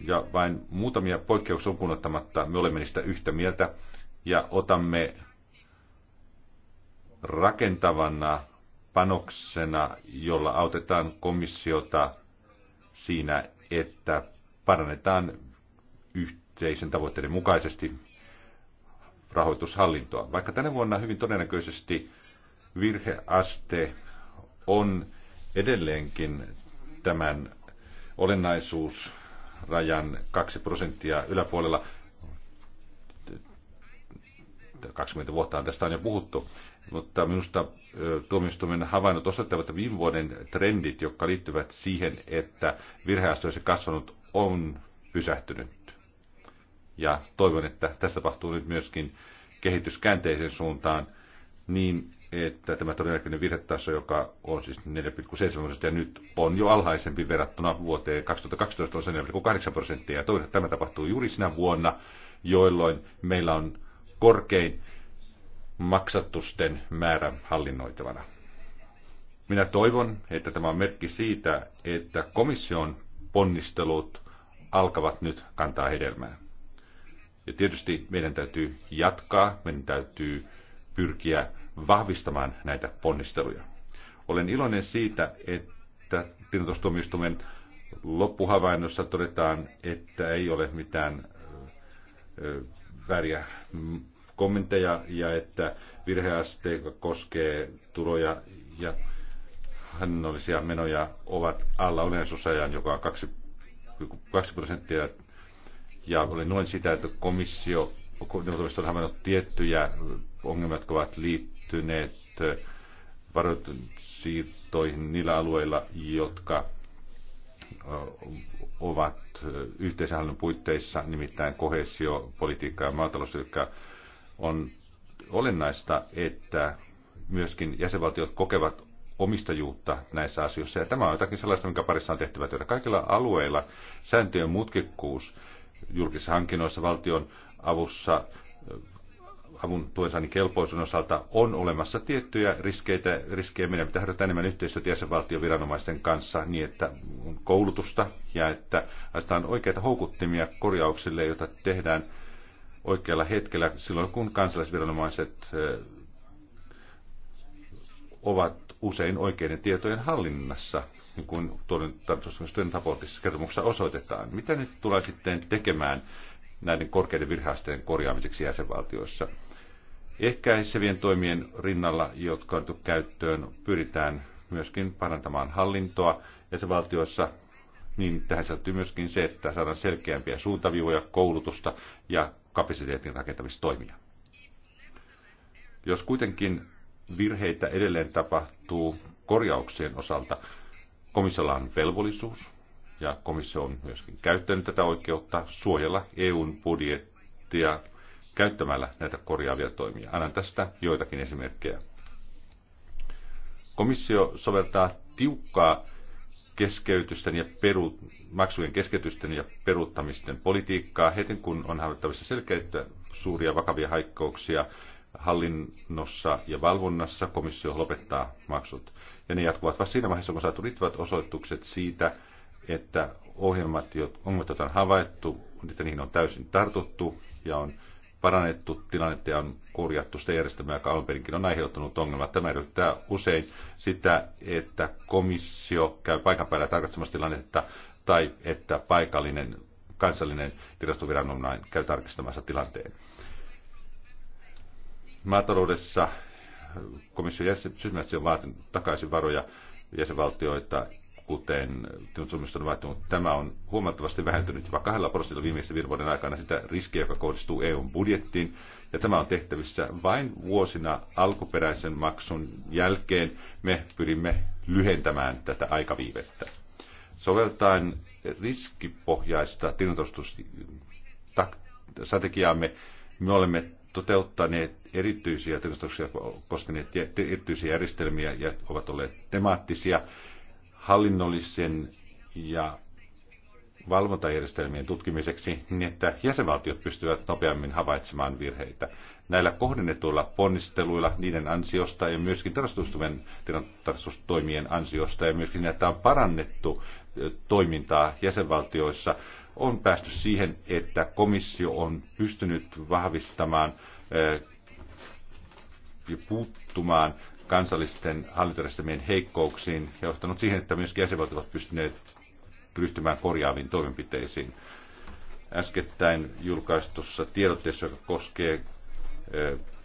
Ja vain muutamia poikkeuksia lukuun ottamatta me olemme niistä yhtä mieltä ja otamme rakentavana panoksena, jolla autetaan komissiota siinä, että parannetaan yhteisen tavoitteiden mukaisesti rahoitushallintoa. Vaikka tänä vuonna hyvin todennäköisesti virheaste on edelleenkin tämän olennaisuusrajan 2 prosenttia yläpuolella. 20 vuotta on tästä on jo puhuttu mutta minusta tuomioistuimen havainnot osoittavat, että viime vuoden trendit, jotka liittyvät siihen, että virheaste olisi kasvanut, on pysähtynyt. Ja toivon, että tässä tapahtuu nyt myöskin kehitys suuntaan niin, että tämä todennäköinen virhetaso, joka on siis 4,7 prosenttia nyt, on jo alhaisempi verrattuna vuoteen 2012 on 4,8 prosenttia. Ja toivon, että tämä tapahtuu juuri sinä vuonna, jolloin meillä on korkein maksatusten määrä hallinnoitavana. Minä toivon, että tämä on merkki siitä, että komission ponnistelut alkavat nyt kantaa hedelmää. Ja tietysti meidän täytyy jatkaa, meidän täytyy pyrkiä vahvistamaan näitä ponnisteluja. Olen iloinen siitä, että tilintostuomioistuimen loppuhavainnossa todetaan, että ei ole mitään väriä kommentteja ja että virheaste koskee tuloja ja hannollisia menoja ovat alla olennaisuusajan, joka on 2, 2 prosenttia. Ja oli noin sitä, että komissio on havainnut tiettyjä ongelmia, jotka ovat liittyneet varoitussiirtoihin niillä alueilla, jotka ovat yhteishallinnon puitteissa, nimittäin kohesiopolitiikka ja maatalous, jotka on olennaista, että myöskin jäsenvaltiot kokevat omistajuutta näissä asioissa. Ja tämä on jotakin sellaista, minkä parissa on tehtävä työtä. Kaikilla alueilla sääntöjen mutkikkuus julkisissa hankinnoissa, valtion avussa, avun tuensaannin kelpoisuuden osalta on olemassa tiettyjä riskeitä, riskejä. Meidän pitää harjoittaa enemmän yhteistyötä jäsenvaltion viranomaisten kanssa niin, että on koulutusta ja että asetaan oikeita houkuttimia korjauksille, joita tehdään – oikealla hetkellä silloin, kun kansalaisviranomaiset ovat usein oikeiden tietojen hallinnassa, niin kuin tarkastustoimiston raportissa kertomuksessa osoitetaan. Mitä nyt tulee sitten tekemään näiden korkeiden virheasteen korjaamiseksi jäsenvaltioissa? Ehkäisevien toimien rinnalla, jotka on käyttöön, pyritään myöskin parantamaan hallintoa jäsenvaltioissa, niin tähän sisältyy myöskin se, että saadaan selkeämpiä suuntaviivoja, koulutusta ja kapasiteetin rakentamistoimia. Jos kuitenkin virheitä edelleen tapahtuu korjauksien osalta, komissiolla on velvollisuus, ja komissio on myöskin käyttänyt tätä oikeutta, suojella EUn budjettia käyttämällä näitä korjaavia toimia. Annan tästä joitakin esimerkkejä. Komissio soveltaa tiukkaa keskeytysten ja peru, maksujen keskeytysten ja peruuttamisten politiikkaa heti, kun on havaittavissa selkeyttä suuria vakavia haikkouksia hallinnossa ja valvonnassa komissio lopettaa maksut. Ja ne jatkuvat vasta siinä vaiheessa, kun saatu riittävät osoitukset siitä, että ohjelmat, ongelmat, joita on havaittu, että niihin on täysin tartuttu ja on parannettu tilannetta ja on korjattu sitä järjestelmää, joka alun perinkin on aiheuttanut ongelmat. Tämä edellyttää usein sitä, että komissio käy paikan päällä tarkastamassa tilannetta tai että paikallinen kansallinen tilastoviranomainen käy tarkistamassa tilanteen. Maataloudessa komission jäsenet on vaatinut takaisin varoja jäsenvaltioita kuten tuomioistuin on vaihtunut, tämä on huomattavasti vähentynyt jopa kahdella prosentilla viimeisten viiden vuoden aikana sitä riskiä, joka kohdistuu EUn budjettiin. Ja tämä on tehtävissä vain vuosina alkuperäisen maksun jälkeen. Me pyrimme lyhentämään tätä aikaviivettä. Soveltaen riskipohjaista strategiaamme me olemme toteuttaneet erityisiä tilintostuksia koskeneet erityisiä järjestelmiä ja ovat olleet temaattisia hallinnollisen ja valvontajärjestelmien tutkimiseksi niin, että jäsenvaltiot pystyvät nopeammin havaitsemaan virheitä. Näillä kohdennetuilla ponnisteluilla niiden ansiosta ja myöskin tarkastustoimien ansiosta ja myöskin, näitä on parannettu toimintaa jäsenvaltioissa, on päästy siihen, että komissio on pystynyt vahvistamaan ja puuttumaan kansallisten hallintojärjestelmien heikkouksiin ja johtanut siihen, että myös jäsenvaltiot ovat pystyneet ryhtymään korjaaviin toimenpiteisiin. Äskettäin julkaistussa tiedotteessa, joka koskee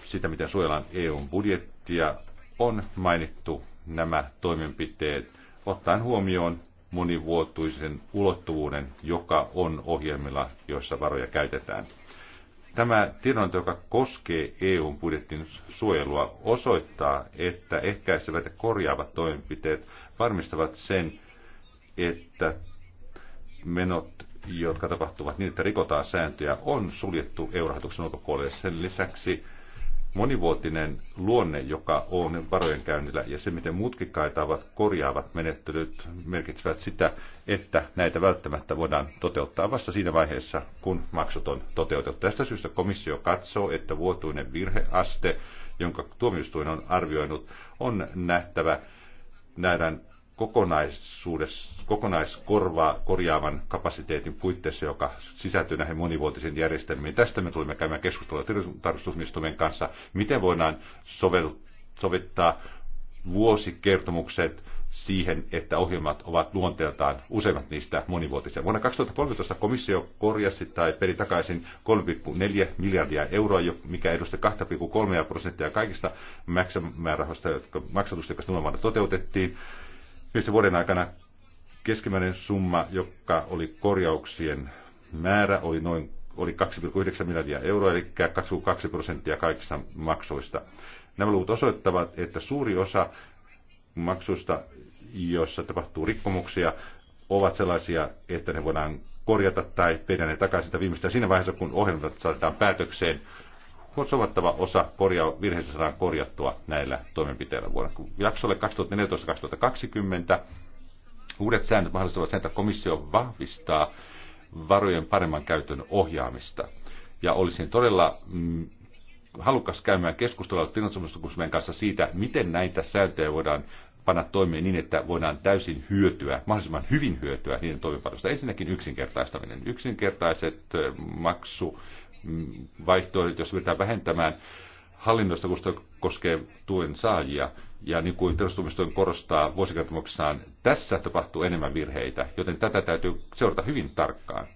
sitä, miten suojellaan EUn budjettia, on mainittu nämä toimenpiteet ottaen huomioon monivuotuisen ulottuvuuden, joka on ohjelmilla, joissa varoja käytetään. Tämä tiedonanto, joka koskee EUn budjettin suojelua, osoittaa, että ehkäisevät ja korjaavat toimenpiteet varmistavat sen, että menot, jotka tapahtuvat niin, että rikotaan sääntöjä, on suljettu eurohoituksen ulkopuolelle. Sen lisäksi monivuotinen luonne, joka on varojen käynnillä, ja se, miten mutkikkaitaan korjaavat menettelyt, merkitsevät sitä, että näitä välttämättä voidaan toteuttaa vasta siinä vaiheessa, kun maksut on toteutettu. Tästä syystä komissio katsoo, että vuotuinen virheaste, jonka tuomioistuin on arvioinut, on nähtävä nähdään kokonaiskorjaavan kapasiteetin puitteissa, joka sisältyy näihin monivuotisiin järjestelmiin. Tästä me tulemme käymään keskustelua tarkastusministeriön kanssa, miten voidaan sovittaa vuosikertomukset siihen, että ohjelmat ovat luonteeltaan useimmat niistä monivuotisia. Vuonna 2013 komissio korjasi tai peri takaisin 3,4 miljardia euroa, mikä edusti 2,3 prosenttia kaikista maksatusta, jotka tulemaan toteutettiin. Viisi vuoden aikana keskimääräinen summa, joka oli korjauksien määrä, oli noin oli 2,9 miljardia euroa, eli 2,2 prosenttia kaikista maksuista. Nämä luvut osoittavat, että suuri osa maksuista, joissa tapahtuu rikkomuksia, ovat sellaisia, että ne voidaan korjata tai pidä ne takaisin viimeistään siinä vaiheessa, kun ohjelmat saadaan päätökseen huomattava osa korja, virheistä saadaan korjattua näillä toimenpiteillä vuonna. Jaksolle 2014-2020 uudet säännöt mahdollistavat sen, että komissio vahvistaa varojen paremman käytön ohjaamista. Ja olisin todella mm, halukas käymään keskustelua tilastonmuutoksen kanssa siitä, miten näitä sääntöjä voidaan panna toimeen niin, että voidaan täysin hyötyä, mahdollisimman hyvin hyötyä niiden toimipanosta. Ensinnäkin yksinkertaistaminen. Yksinkertaiset maksu Mm, vaihtoehdot, jos pyritään vähentämään hallinnosta, kun koskee tuen saajia. Ja niin kuin perustumistoin korostaa vuosikertomuksessaan, tässä tapahtuu enemmän virheitä, joten tätä täytyy seurata hyvin tarkkaan.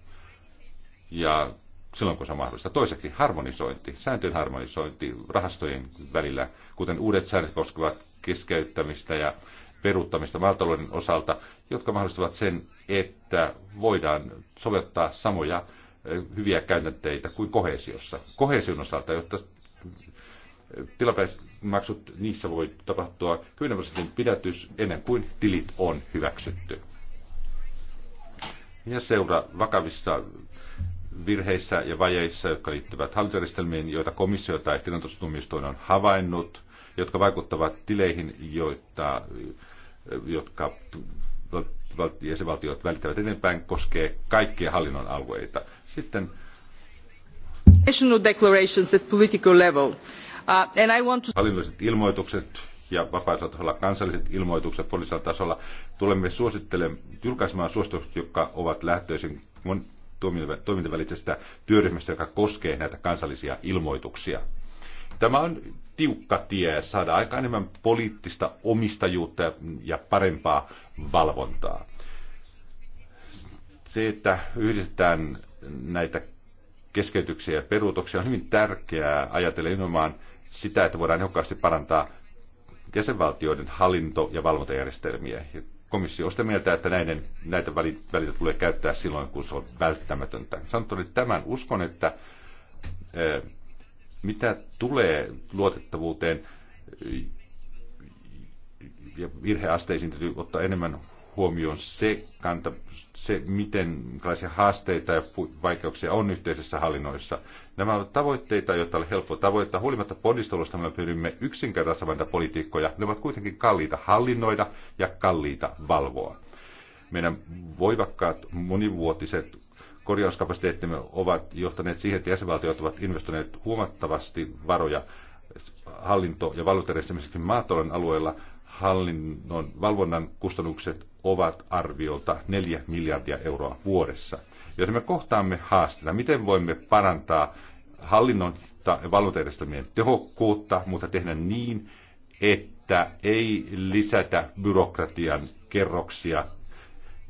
Ja silloin kun se on mahdollista. Toiseksi harmonisointi, sääntöjen harmonisointi rahastojen välillä, kuten uudet säännöt koskevat keskeyttämistä ja peruuttamista maatalouden osalta, jotka mahdollistavat sen, että voidaan soveltaa samoja hyviä käytänteitä kuin kohesiossa. Kohesion osalta, jotta tilapäismaksut, niissä voi tapahtua 10 prosentin pidätys ennen kuin tilit on hyväksytty. Ja seura vakavissa virheissä ja vajeissa, jotka liittyvät hallintojärjestelmiin, joita komissio tai tilantustumistoon on havainnut, jotka vaikuttavat tileihin, joita, jotka jäsenvaltiot välittävät eteenpäin, koskee kaikkia hallinnon alueita – sitten national declarations at political level. Uh, and I want to... Hallinnolliset ilmoitukset ja vapaaehtoisella tasolla kansalliset ilmoitukset poliisilla tasolla tulemme suosittelemaan julkaisemaan suositukset, jotka ovat lähtöisin toimintavälisestä työryhmästä, joka koskee näitä kansallisia ilmoituksia. Tämä on tiukka tie saada aika enemmän poliittista omistajuutta ja parempaa valvontaa. Se, että yhdistetään näitä keskeytyksiä ja peruutoksia on hyvin tärkeää ajatella nimenomaan sitä, että voidaan jokaisesti parantaa jäsenvaltioiden hallinto- ja valvontajärjestelmiä. Ja komissio on sitä mieltä, että näiden, näitä välitä tulee käyttää silloin, kun se on välttämätöntä. Sanottuna tämän, uskon, että e, mitä tulee luotettavuuteen ja virheasteisiin, täytyy ottaa enemmän huomioon se kanta, se, miten millaisia haasteita ja vaikeuksia on yhteisessä hallinnoissa. Nämä ovat tavoitteita, joita on helppo tavoittaa. Huolimatta ponnistelusta me pyrimme yksinkertaistamaan politiikkoja. Ne ovat kuitenkin kalliita hallinnoida ja kalliita valvoa. Meidän voivakkaat monivuotiset korjauskapasiteettimme ovat johtaneet siihen, että jäsenvaltiot ovat investoineet huomattavasti varoja hallinto- ja valvontajärjestelmissäkin maatalouden alueella hallinnon valvonnan kustannukset ovat arviolta 4 miljardia euroa vuodessa. Jos me kohtaamme haasteita, miten voimme parantaa hallinnon ja valvontajärjestelmien tehokkuutta, mutta tehdä niin, että ei lisätä byrokratian kerroksia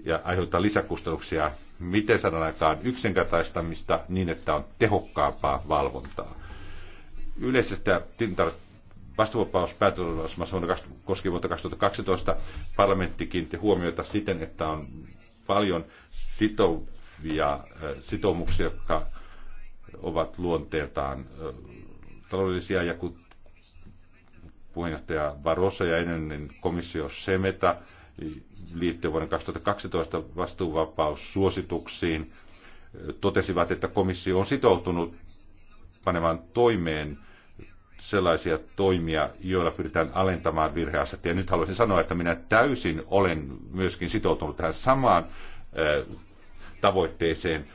ja aiheuttaa lisäkustannuksia, miten saadaan aikaan yksinkertaistamista niin, että on tehokkaampaa valvontaa. Yleisestä vastuuvapaus päätöslausumassa koski vuotta 2012 parlamentti kiinnitti huomiota siten, että on paljon sitovia sitoumuksia, jotka ovat luonteeltaan taloudellisia ja kun puheenjohtaja Barossa ja ennen komissio Semeta liittyen vuoden 2012 vastuuvapaussuosituksiin totesivat, että komissio on sitoutunut panemaan toimeen sellaisia toimia, joilla pyritään alentamaan virheastetta. Ja nyt haluaisin sanoa, että minä täysin olen myöskin sitoutunut tähän samaan eh, tavoitteeseen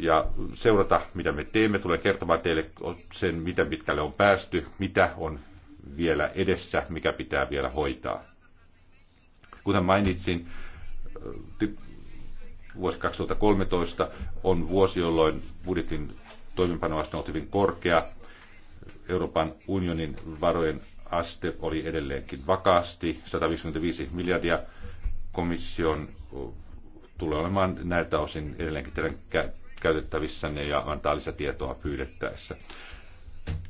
ja seurata, mitä me teemme. Tulen kertomaan teille sen, miten pitkälle on päästy, mitä on vielä edessä, mikä pitää vielä hoitaa. Kuten mainitsin, eh, vuosi 2013 on vuosi, jolloin budjetin toimenpanoaste on hyvin korkea. Euroopan unionin varojen aste oli edelleenkin vakaasti 155 miljardia. Komission tulee olemaan näiltä osin edelleenkin teidän käytettävissänne ja antaa lisätietoa pyydettäessä.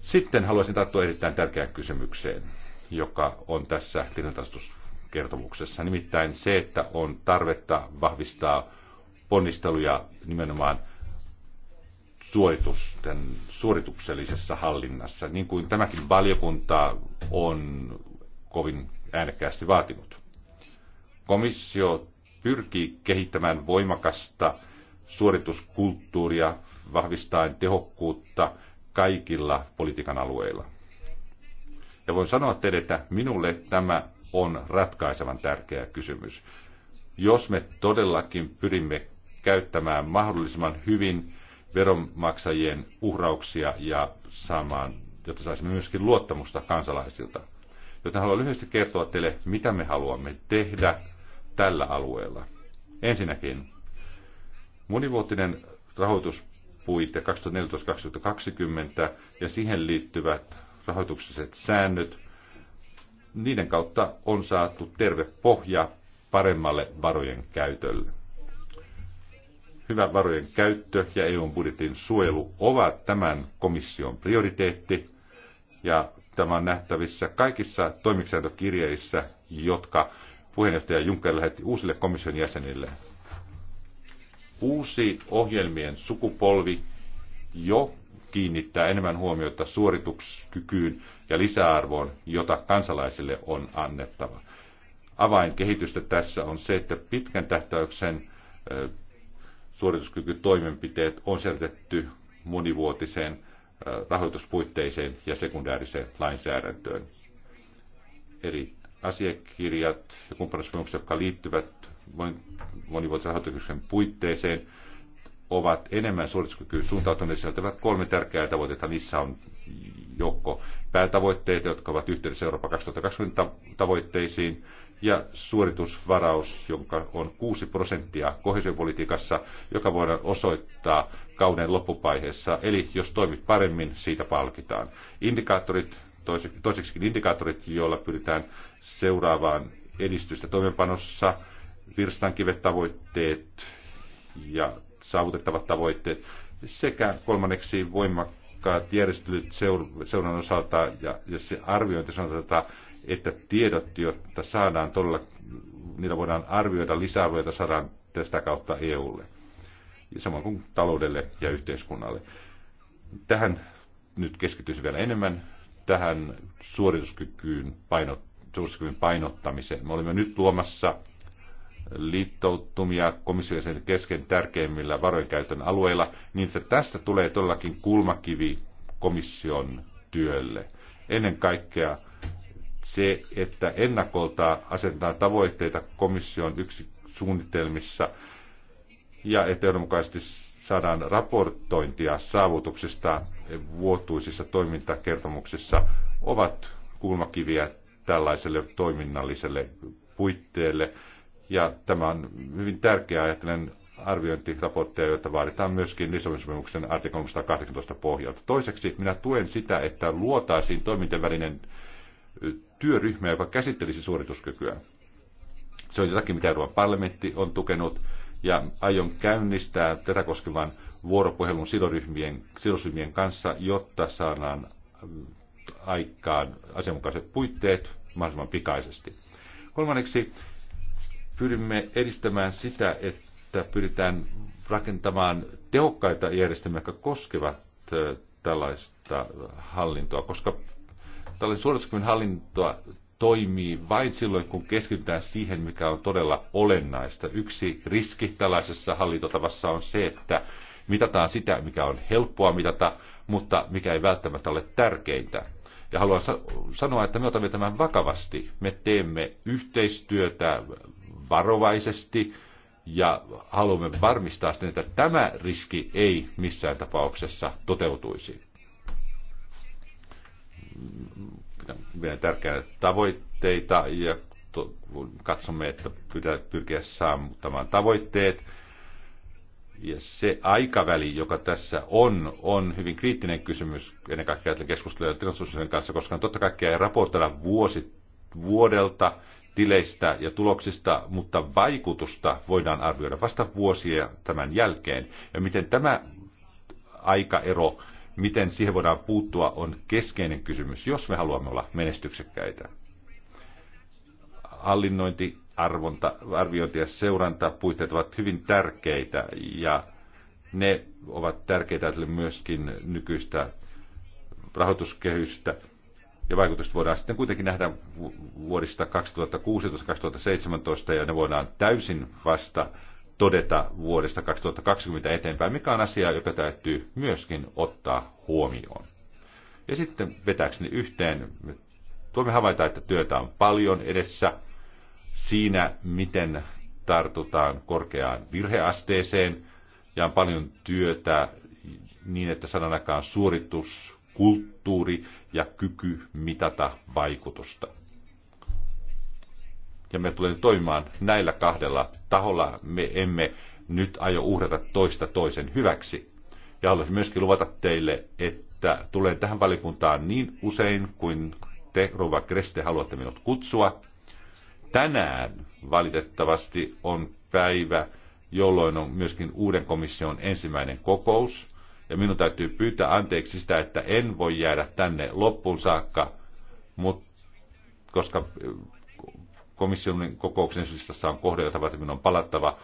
Sitten haluaisin tarttua erittäin tärkeään kysymykseen, joka on tässä tilintarkastuskertomuksessa, nimittäin se, että on tarvetta vahvistaa ponnisteluja nimenomaan suoritusten suorituksellisessa hallinnassa, niin kuin tämäkin valiokunta on kovin äänekkäästi vaatinut. Komissio pyrkii kehittämään voimakasta suorituskulttuuria vahvistaen tehokkuutta kaikilla politiikan alueilla. Ja voin sanoa teille, että minulle tämä on ratkaisevan tärkeä kysymys. Jos me todellakin pyrimme käyttämään mahdollisimman hyvin veronmaksajien uhrauksia ja saamaan, jotta saisimme myöskin luottamusta kansalaisilta. Joten haluan lyhyesti kertoa teille, mitä me haluamme tehdä tällä alueella. Ensinnäkin monivuotinen rahoituspuite 2014-2020 ja siihen liittyvät rahoitukselliset säännöt, niiden kautta on saatu terve pohja paremmalle varojen käytölle hyvä varojen käyttö ja EUn budjetin suojelu ovat tämän komission prioriteetti. Ja tämä on nähtävissä kaikissa toimiksiantokirjeissä, jotka puheenjohtaja Juncker lähetti uusille komission jäsenille. Uusi ohjelmien sukupolvi jo kiinnittää enemmän huomiota suorituskykyyn ja lisäarvoon, jota kansalaisille on annettava. Avainkehitystä tässä on se, että pitkän tähtäyksen suorituskykytoimenpiteet on selvitetty monivuotiseen rahoituspuitteiseen ja sekundääriseen lainsäädäntöön. Eri asiakirjat ja kumppanuussopimukset, jotka liittyvät monivuotisen rahoituskyvyn puitteeseen, ovat enemmän suorituskykyyn suuntautuneet ovat kolme tärkeää tavoitetta. Niissä on joukko päätavoitteita, jotka ovat yhteydessä Euroopan 2020 tavoitteisiin – ja suoritusvaraus, jonka on 6 prosenttia kohesiopolitiikassa, joka voidaan osoittaa kauden loppupaiheessa, Eli jos toimit paremmin, siitä palkitaan. Indikaattorit, toiseksikin indikaattorit, joilla pyritään seuraavaan edistystä toimenpanossa, virstankivet tavoitteet ja saavutettavat tavoitteet sekä kolmanneksi voimakkaat järjestelyt seuran osalta ja, ja se arviointi sanotaan, että tiedot, jotta saadaan todella, niillä voidaan arvioida lisäarvoja, saadaan tästä kautta EUlle, samoin kuin taloudelle ja yhteiskunnalle. Tähän nyt keskittyisin vielä enemmän, tähän suorituskykyyn painot, suorituskyvyn painottamiseen. Me olemme nyt luomassa liittoutumia komission kesken tärkeimmillä käytön alueilla, niin että tästä tulee todellakin kulmakivi komission työlle. Ennen kaikkea se, että ennakolta asetetaan tavoitteita komission yksi suunnitelmissa ja että johdonmukaisesti saadaan raportointia saavutuksista vuotuisissa toimintakertomuksissa ovat kulmakiviä tällaiselle toiminnalliselle puitteelle. Ja tämä on hyvin tärkeää ajattelen arviointiraportteja, joita vaaditaan myöskin lisäomisopimuksen sopimuksen 18 pohjalta. Toiseksi minä tuen sitä, että luotaisiin toimintavälinen Työryhmä, joka käsittelisi suorituskykyä. Se on jotakin, mitä Euroopan parlamentti on tukenut, ja aion käynnistää tätä koskevan vuoropuhelun sidosryhmien, sidosryhmien kanssa, jotta saadaan äh, aikaan asianmukaiset puitteet mahdollisimman pikaisesti. Kolmanneksi pyrimme edistämään sitä, että pyritään rakentamaan tehokkaita järjestelmiä, jotka koskevat äh, tällaista hallintoa, koska tällainen suorituskyvyn hallintoa toimii vain silloin, kun keskitytään siihen, mikä on todella olennaista. Yksi riski tällaisessa hallintotavassa on se, että mitataan sitä, mikä on helppoa mitata, mutta mikä ei välttämättä ole tärkeintä. Ja haluan sanoa, että me otamme tämän vakavasti. Me teemme yhteistyötä varovaisesti ja haluamme varmistaa sen, että tämä riski ei missään tapauksessa toteutuisi vielä tärkeitä tavoitteita ja to, katsomme, että pitää pyrkiä saamaan tavoitteet. Ja se aikaväli, joka tässä on, on hyvin kriittinen kysymys ennen kaikkea keskustelua tilastosuuden kanssa, koska totta kaikkea raportoida vuosi, vuodelta tileistä ja tuloksista, mutta vaikutusta voidaan arvioida vasta vuosia tämän jälkeen. Ja miten tämä aikaero miten siihen voidaan puuttua, on keskeinen kysymys, jos me haluamme olla menestyksekkäitä. Hallinnointi, arvonta, arviointi ja seuranta puitteet ovat hyvin tärkeitä ja ne ovat tärkeitä myöskin nykyistä rahoituskehystä. Ja vaikutukset voidaan sitten kuitenkin nähdä vuodista 2016-2017 ja ne voidaan täysin vasta todeta vuodesta 2020 eteenpäin, mikä on asia, joka täytyy myöskin ottaa huomioon. Ja sitten vetääkseni yhteen, tuomme havaita, että työtä on paljon edessä siinä, miten tartutaan korkeaan virheasteeseen, ja on paljon työtä niin, että sananakaan suoritus, suorituskulttuuri ja kyky mitata vaikutusta ja me tulemme toimimaan näillä kahdella taholla. Me emme nyt aio uhrata toista toisen hyväksi. Ja haluaisin myöskin luvata teille, että tulen tähän valikuntaan niin usein kuin te, Rova Kreste, haluatte minut kutsua. Tänään valitettavasti on päivä, jolloin on myöskin uuden komission ensimmäinen kokous. Ja minun täytyy pyytää anteeksi sitä, että en voi jäädä tänne loppuun saakka, mutta koska komission kokouksen listassa on kohde, jota varten minun on palattava,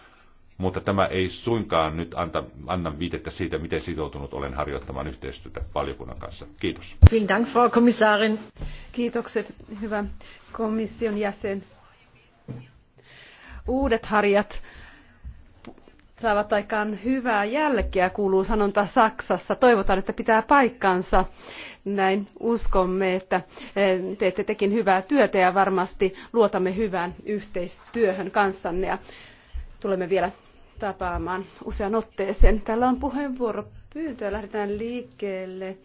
mutta tämä ei suinkaan nyt anta, anna viitettä siitä, miten sitoutunut olen harjoittamaan yhteistyötä valiokunnan kanssa. Kiitos. Dank, Frau Kommissarin. Kiitokset, hyvä komission jäsen. Uudet harjat saavat aikaan hyvää jälkeä, kuuluu sanonta Saksassa. Toivotaan, että pitää paikkansa. Näin uskomme, että eh, teette tekin hyvää työtä ja varmasti luotamme hyvään yhteistyöhön kanssanne ja tulemme vielä tapaamaan usean otteeseen. Täällä on puheenvuoro pyyntöä. Lähdetään liikkeelle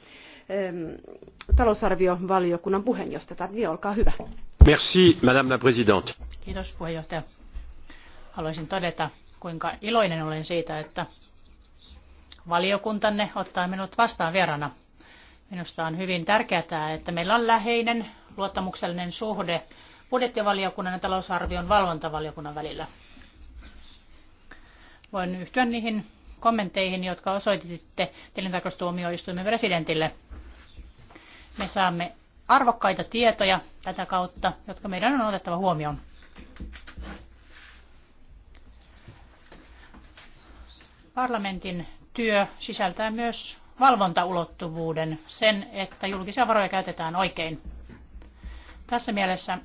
talousarviovaliokunnan puheenjohtaja Niin, olkaa hyvä. Merci, Madame la Présidente. Kiitos puheenjohtaja. Haluaisin todeta, kuinka iloinen olen siitä, että valiokuntanne ottaa minut vastaan vierana. Minusta on hyvin tärkeää, että meillä on läheinen luottamuksellinen suhde budjettivaliokunnan ja talousarvion valvontavaliokunnan välillä. Voin yhtyä niihin kommentteihin, jotka osoititte tilintarkastuomioistuimen presidentille. Me saamme arvokkaita tietoja tätä kautta, jotka meidän on otettava huomioon. Parlamentin työ sisältää myös valvontaulottuvuuden, sen, että julkisia varoja käytetään oikein. Tässä mielessä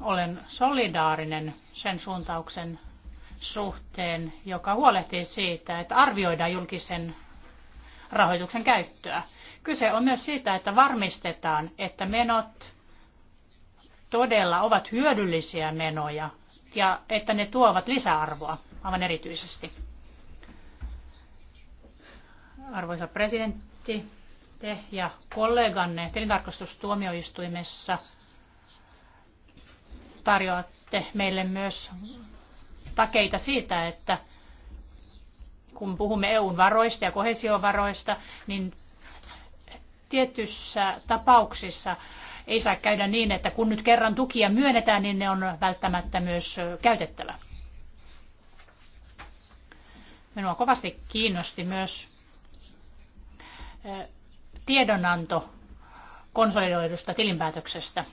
olen solidaarinen sen suuntauksen suhteen, joka huolehtii siitä, että arvioidaan julkisen rahoituksen käyttöä. Kyse on myös siitä, että varmistetaan, että menot todella ovat hyödyllisiä menoja ja että ne tuovat lisäarvoa aivan erityisesti. Arvoisa presidentti, te ja kolleganne tilintarkastustuomioistuimessa tarjoatte meille myös takeita siitä, että kun puhumme EUn varoista ja kohesiovaroista, niin tietyissä tapauksissa ei saa käydä niin, että kun nyt kerran tukia myönnetään, niin ne on välttämättä myös käytettävä. Minua kovasti kiinnosti myös eh, tiedonanto konsolidoidusta tilinpäätöksestä.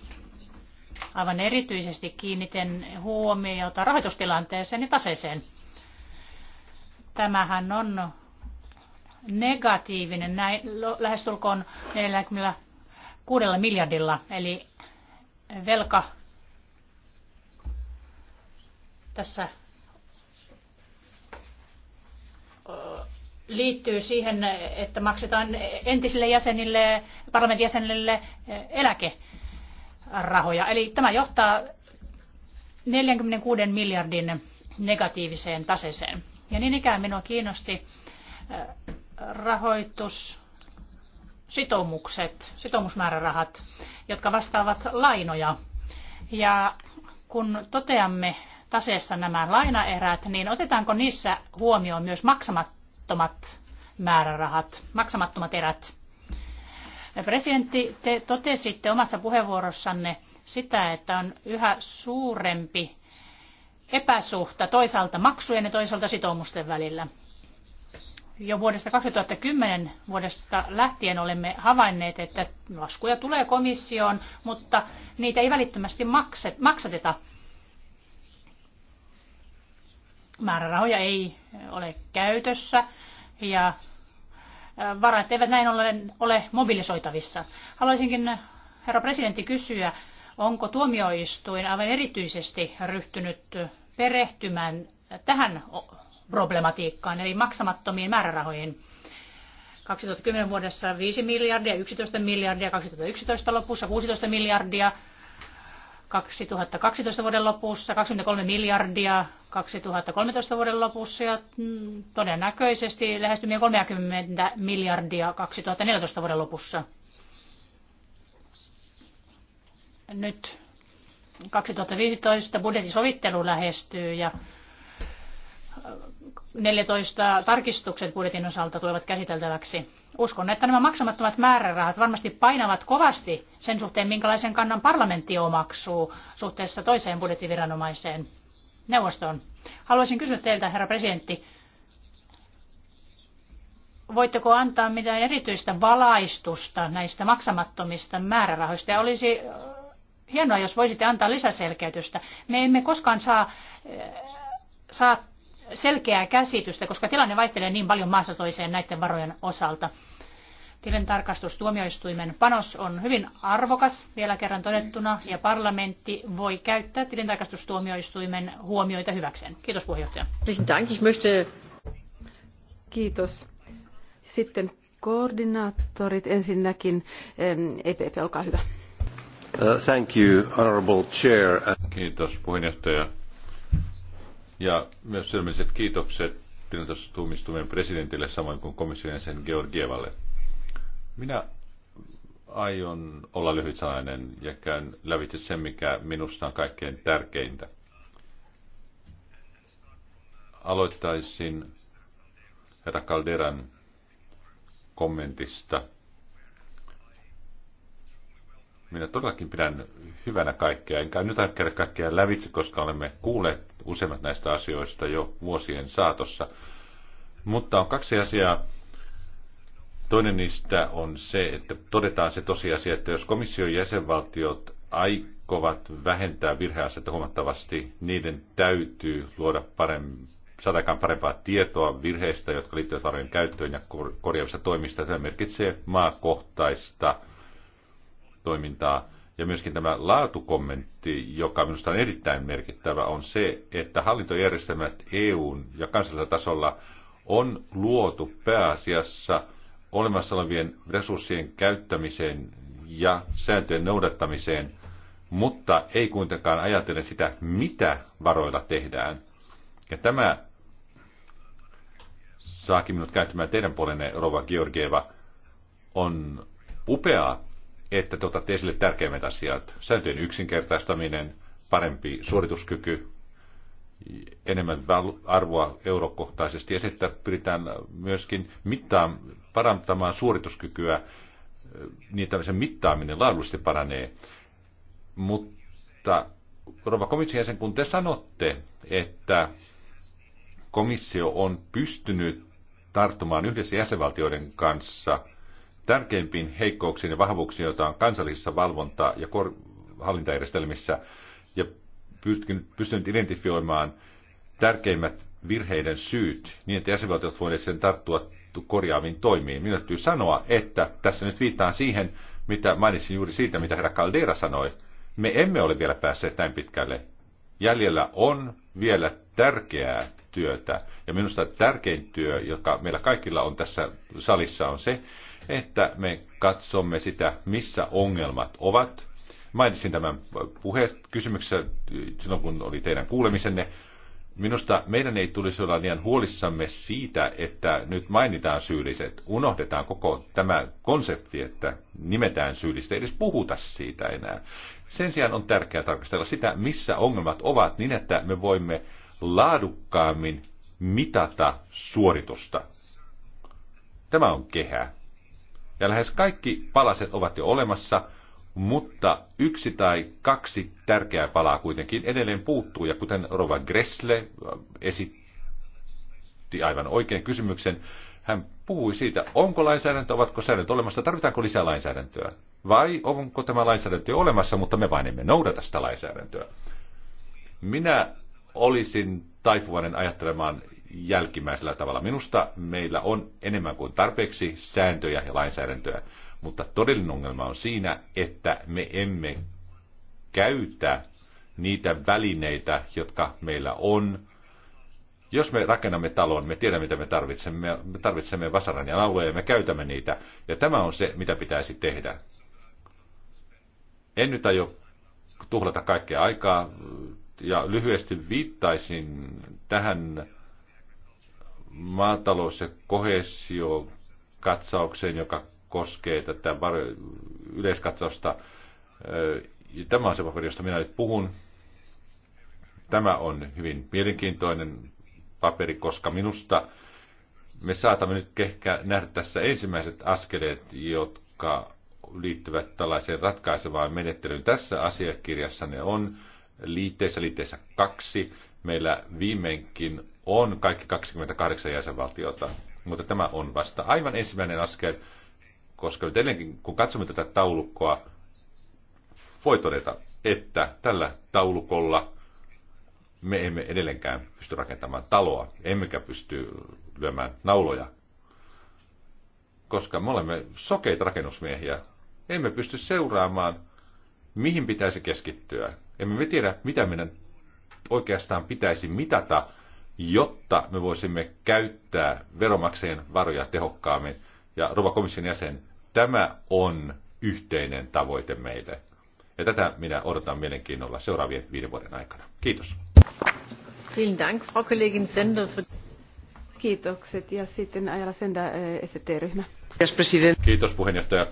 Aivan erityisesti kiinnitän huomiota rahoitustilanteeseen ja taseeseen. Tämähän on negatiivinen näin, lähestulkoon 46 miljardilla, eli velka tässä liittyy siihen, että maksetaan entisille jäsenille, parlamentin jäsenille eläkerahoja. Eli tämä johtaa 46 miljardin negatiiviseen taseeseen. Ja niin ikään minua kiinnosti äh, rahoitus, sitoumukset, sitoumusmäärärahat, jotka vastaavat lainoja. Ja kun toteamme taseessa nämä lainaerät, niin otetaanko niissä huomioon myös maksamat maksamattomat määrärahat, maksamattomat erät. Presidentti, te totesitte omassa puheenvuorossanne sitä, että on yhä suurempi epäsuhta toisaalta maksujen ja toisaalta sitoumusten välillä. Jo vuodesta 2010 vuodesta lähtien olemme havainneet, että laskuja tulee komissioon, mutta niitä ei välittömästi makseta. Määrärahoja ei eh, ole käytössä ja eh, varat eivät näin ollen ole mobilisoitavissa. Haluaisinkin eh, herra presidentti kysyä, onko tuomioistuin aivan erityisesti ryhtynyt perehtymään tähän problematiikkaan, eli maksamattomiin määrärahoihin. 2010 vuodessa 5 miljardia, 11 miljardia, 2011 lopussa 16 miljardia. 2012 vuoden lopussa, 23 miljardia 2013 vuoden lopussa ja mm, todennäköisesti lähestymiä 30 miljardia 2014 vuoden lopussa. Nyt 2015 budjetissovittelu lähestyy ja 14 tarkistukset budjetin osalta tulevat käsiteltäväksi. Uskon, että nämä maksamattomat määrärahat varmasti painavat kovasti sen suhteen, minkälaisen kannan parlamentti omaksuu suhteessa toiseen budjettiviranomaiseen neuvostoon. Haluaisin kysyä teiltä, herra presidentti, voitteko antaa mitään erityistä valaistusta näistä maksamattomista määrärahoista? Ja olisi äh, hienoa, jos voisitte antaa lisäselkeytystä. Me emme koskaan saa, äh, saa selkeää käsitystä, koska tilanne vaihtelee niin paljon maasta toiseen näiden varojen osalta. Tilintarkastustuomioistuimen panos on hyvin arvokas vielä kerran todettuna ja parlamentti voi käyttää tilintarkastustuomioistuimen huomioita hyväkseen. Kiitos puheenjohtaja. Kiitos. Sitten koordinaattorit ensinnäkin. EPP, e olkaa hyvä. Uh, thank you, honorable chair. Kiitos puheenjohtaja. Ja myös sydämelliset kiitokset tilintastumistumien presidentille samoin kuin komission jäsen Georgievalle. Minä aion olla lyhyt sanainen ja käyn lävitse sen, mikä minusta on kaikkein tärkeintä. Aloittaisin herra Calderan kommentista – minä todellakin pidän hyvänä kaikkea, enkä nyt käydä kaikkea lävitse, koska olemme kuulleet useimmat näistä asioista jo vuosien saatossa. Mutta on kaksi asiaa. Toinen niistä on se, että todetaan se tosiasia, että jos komission jäsenvaltiot aikovat vähentää virheasetta huomattavasti, niiden täytyy luoda parempi saadaan parempaa tietoa virheistä, jotka liittyvät varojen käyttöön ja korjaavista toimista. Tämä merkitsee maakohtaista toimintaa. Ja myöskin tämä laatukommentti, joka minusta on erittäin merkittävä, on se, että hallintojärjestelmät EUn ja kansallisella tasolla on luotu pääasiassa olemassa olevien resurssien käyttämiseen ja sääntöjen noudattamiseen, mutta ei kuitenkaan ajatella sitä, mitä varoilla tehdään. Ja tämä saakin minut käyttämään teidän puolenne, Rova Georgieva, on upeaa että te otatte esille tärkeimmät asiat. Sääntöjen yksinkertaistaminen, parempi suorituskyky, enemmän arvoa eurokohtaisesti ja se, että pyritään myöskin mittaan, parantamaan suorituskykyä, niin tämmöisen mittaaminen laadullisesti paranee. Mutta Rova komission jäsen, kun te sanotte, että komissio on pystynyt tarttumaan yhdessä jäsenvaltioiden kanssa – tärkeimpiin heikkouksiin ja vahvuuksiin, joita on kansallisissa valvonta- ja kor- hallintajärjestelmissä, ja pystynyt identifioimaan tärkeimmät virheiden syyt, niin että jäsenvaltiot voivat sen tarttua korjaaviin toimiin. Minun täytyy sanoa, että tässä nyt viittaan siihen, mitä mainitsin juuri siitä, mitä herra Caldera sanoi. Me emme ole vielä päässeet näin pitkälle. Jäljellä on vielä tärkeää työtä. Ja minusta tärkein työ, joka meillä kaikilla on tässä salissa, on se, että me katsomme sitä, missä ongelmat ovat. Mainitsin tämän puheen kysymyksessä silloin, kun oli teidän kuulemisenne. Minusta meidän ei tulisi olla liian huolissamme siitä, että nyt mainitaan syylliset. Unohdetaan koko tämä konsepti, että nimetään syyllistä, ei edes puhuta siitä enää. Sen sijaan on tärkeää tarkastella sitä, missä ongelmat ovat, niin että me voimme laadukkaammin mitata suoritusta. Tämä on kehä. Ja lähes kaikki palaset ovat jo olemassa, mutta yksi tai kaksi tärkeää palaa kuitenkin edelleen puuttuu. Ja kuten Rova Gressle äh, esitti aivan oikein kysymyksen, hän puhui siitä, onko lainsäädäntö, ovatko säännöt olemassa, tarvitaanko lisää lainsäädäntöä. Vai onko tämä lainsäädäntö olemassa, mutta me vain emme noudata sitä lainsäädäntöä. Minä olisin taipuvainen ajattelemaan jälkimmäisellä tavalla. Minusta meillä on enemmän kuin tarpeeksi sääntöjä ja lainsäädäntöä, mutta todellinen ongelma on siinä, että me emme käytä niitä välineitä, jotka meillä on. Jos me rakennamme talon, me tiedämme, mitä me tarvitsemme. Me tarvitsemme vasaran ja nauloja ja me käytämme niitä. Ja tämä on se, mitä pitäisi tehdä. En nyt aio tuhlata kaikkea aikaa ja lyhyesti viittaisin tähän maatalous- ja kohesiokatsaukseen, joka koskee tätä yleiskatsausta. Tämä on se paperi, josta minä nyt puhun. Tämä on hyvin mielenkiintoinen paperi, koska minusta me saatamme nyt ehkä nähdä tässä ensimmäiset askeleet, jotka liittyvät tällaiseen ratkaisevaan menettelyyn. Tässä asiakirjassa ne on liitteessä, liitteessä kaksi, meillä viimeinkin on kaikki 28 jäsenvaltiota, mutta tämä on vasta aivan ensimmäinen askel, koska edelleenkin, kun katsomme tätä taulukkoa, voi todeta, että tällä taulukolla me emme edelleenkään pysty rakentamaan taloa, emmekä pysty lyömään nauloja, koska me olemme sokeita rakennusmiehiä. Emme pysty seuraamaan, mihin pitäisi keskittyä, emme me tiedä, mitä meidän oikeastaan pitäisi mitata, jotta me voisimme käyttää veromakseen varoja tehokkaammin. Ja Rova komission jäsen, tämä on yhteinen tavoite meille. Ja tätä minä odotan mielenkiinnolla seuraavien viiden vuoden aikana. Kiitos. Vielen Dank, Frau Kollegin Sender. Kiitokset. Ja sitten Ajala Senda, eh, ST-ryhmä. Kiitos puheenjohtaja.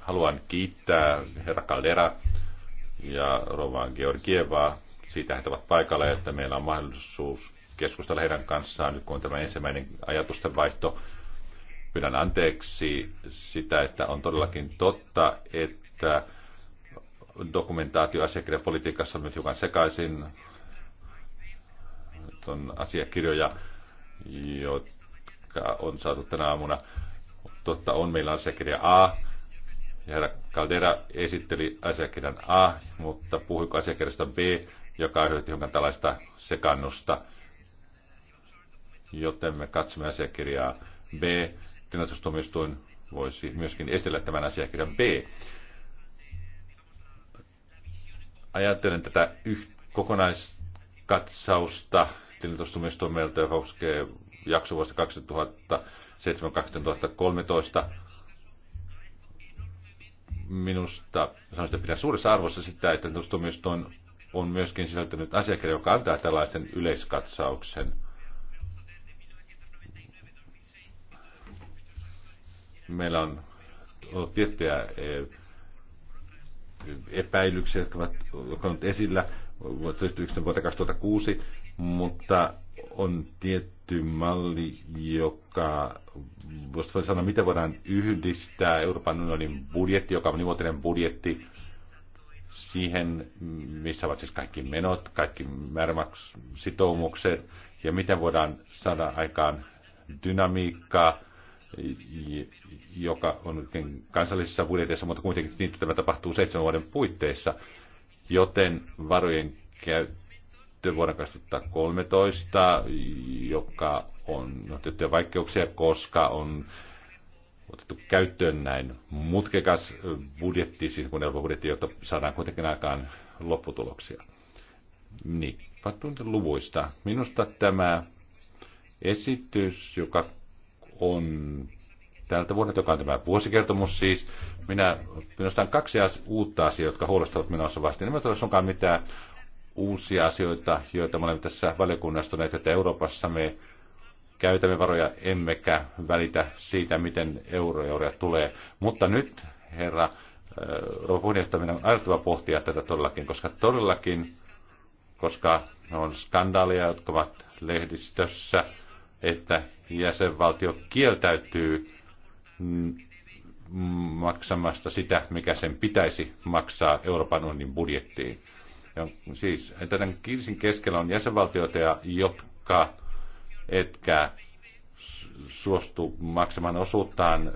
Haluan kiittää herra Caldera ja Rovan Georgievaa siitä he ovat paikalla, että meillä on mahdollisuus keskustella heidän kanssaan nyt kun on tämä ensimmäinen ajatusten vaihto. Pyydän anteeksi sitä, että on todellakin totta, että dokumentaatio politiikassa on nyt hiukan sekaisin. On asiakirjoja, jotka on saatu tänä aamuna. Totta on, meillä on asiakirja A, Herra Caldera esitteli asiakirjan A, mutta puhuiko asiakirjasta B, joka aiheutti jonkin tällaista sekannusta. Joten me katsomme asiakirjaa B. Tilastustuomioistuin voisi myöskin esitellä tämän asiakirjan B. Ajattelen tätä yh- kokonaiskatsausta tilintustumistuomioilta, joka koskee jakso vuosta 2007-2013 minusta sanoisin, että pitää suuressa arvossa sitä, että tuosta on myöskin sisältänyt asiakirja, joka antaa tällaisen yleiskatsauksen. Meillä on ollut tiettyjä eh, epäilyksiä, jotka ovat, olleet esillä vuoteen 2006, mutta on tietty kehitetty malli, joka, jos sanoa, miten voidaan yhdistää Euroopan unionin budjetti, joka on nivuotinen budjetti, siihen, missä ovat siis kaikki menot, kaikki sitoumukset, ja miten voidaan saada aikaan dynamiikkaa, joka on kansallisissa budjeteissa, mutta kuitenkin niin, tämä tapahtuu seitsemän vuoden puitteissa, joten varojen käyttö sitten vuonna 2013, joka on no, tiettyjä vaikeuksia, koska on otettu käyttöön näin mutkekas budjetti, siis kun budjetti, jotta saadaan kuitenkin aikaan lopputuloksia. Niin, luvuista. Minusta tämä esitys, joka on tältä vuodelta, joka on tämä vuosikertomus siis. Minä, minusta on kaksi uutta asiaa, jotka huolestuvat menossa vasta. minä ole onkaan mitään uusia asioita, joita me olemme tässä valiokunnassa näitä, että Euroopassa me käytämme varoja emmekä välitä siitä, miten euroja tulee. Mutta nyt, herra äh, rouva puheenjohtaja, meidän on ajateltava pohtia tätä todellakin, koska todellakin, koska on skandaaleja, jotka ovat lehdistössä, että jäsenvaltio kieltäytyy mm, maksamasta sitä, mikä sen pitäisi maksaa Euroopan unionin budjettiin. Ja siis tämän kriisin keskellä on jäsenvaltioita, jotka etkä suostu maksamaan osuuttaan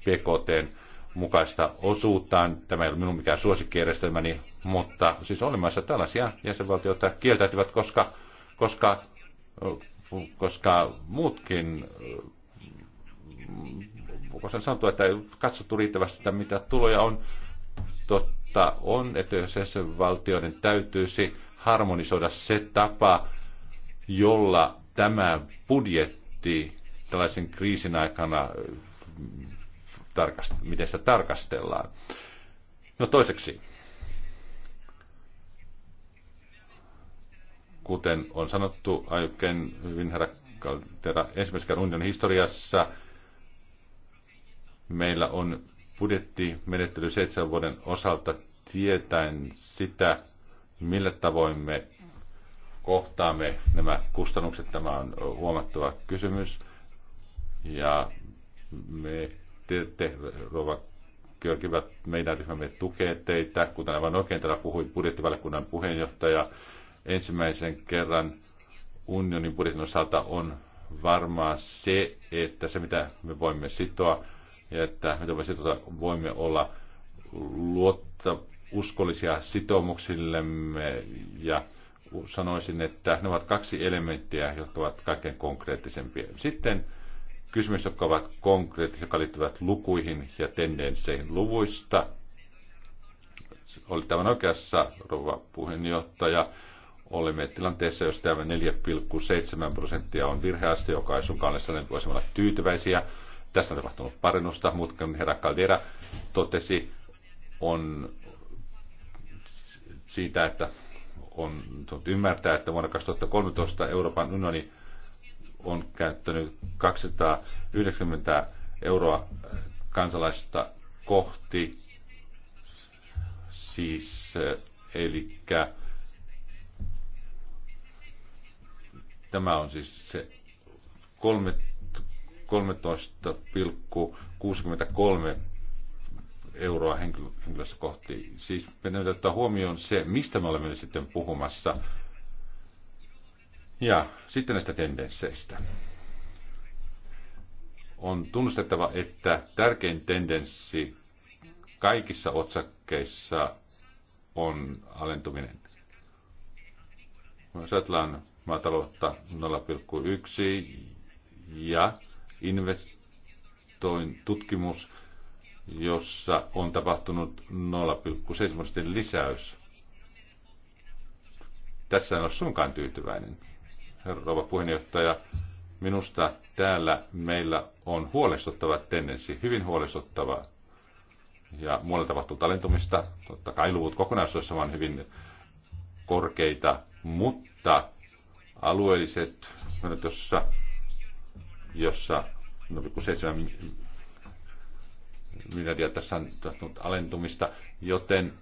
BKT mukaista osuuttaan. Tämä ei ole minun mikään suosikkijärjestelmäni, mutta siis olemassa tällaisia jäsenvaltioita kieltäytyvät, koska, koska, koska muutkin voiko sanoa, että ei katsottu riittävästi sitä, mitä tuloja on totta on, että jos jäsenvaltioiden täytyisi harmonisoida se tapa, jolla tämä budjetti tällaisen kriisin aikana, mm, miten sitä tarkastellaan. No toiseksi, kuten on sanottu aiemmin hyvin herra ensimmäisen unionin historiassa, meillä on budjettimenettely seitsemän vuoden osalta tietäen sitä, millä tavoin me kohtaamme nämä kustannukset. Tämä on huomattava kysymys. Ja me teette, Rova Georgivät, meidän ryhmämme tukee teitä. Kuten aivan oikein täällä puhui budjettivaliokunnan puheenjohtaja, ensimmäisen kerran unionin budjetin osalta on varmaa se, että se mitä me voimme sitoa, ja että mitä me sitota, voimme olla luottavaisia uskollisia sitoumuksillemme ja sanoisin, että ne ovat kaksi elementtiä, jotka ovat kaikkein konkreettisempia. Sitten kysymys, jotka ovat konkreettisia, jotka liittyvät lukuihin ja tendensseihin luvuista. Oli tämän oikeassa, rouva puheenjohtaja. Olemme tilanteessa, jos tämä 4,7 prosenttia on virheaste, joka ei sun kannessa, niin voisimme olla tyytyväisiä. Tässä on tapahtunut parannusta, mutta herra Caldera totesi, on siitä, että on ymmärtää, että vuonna 2013 Euroopan unioni on käyttänyt 290 euroa kansalaista kohti, siis eh, eli tämä on siis se 13,63 euroa henkilössä kohti. Siis meidän ottaa huomioon se, mistä me olemme sitten puhumassa. Ja sitten näistä tendensseistä. On tunnustettava, että tärkein tendenssi kaikissa otsakkeissa on alentuminen. Jos ajatellaan maataloutta 0,1 ja investoin tutkimus jossa on tapahtunut 0,7 lisäys. Tässä en ole suinkaan tyytyväinen. Herra rouva puheenjohtaja, minusta täällä meillä on huolestuttava tendenssi, hyvin huolestuttava. Ja muualla tapahtuu talentumista. Totta kai luvut kokonaisuudessaan ovat hyvin korkeita, mutta alueelliset, jossa, jossa miljardia tässä on tapahtunut alentumista, joten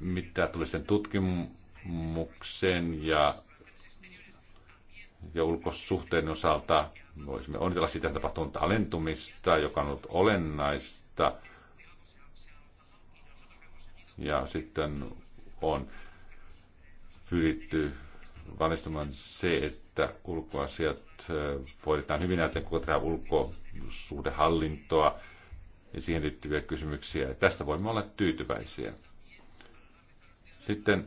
mitä tuli sen tutkimukseen ja, ja ulkosuhteen osalta, voisimme onnitella sitä tapahtunut alentumista, joka on ollut olennaista. Ja sitten on pyritty valistumaan se, että ulkoasiat voidaan hyvin näyttää koko tämä ulkosuhdehallintoa ja siihen liittyviä kysymyksiä. Tästä voimme olla tyytyväisiä. Sitten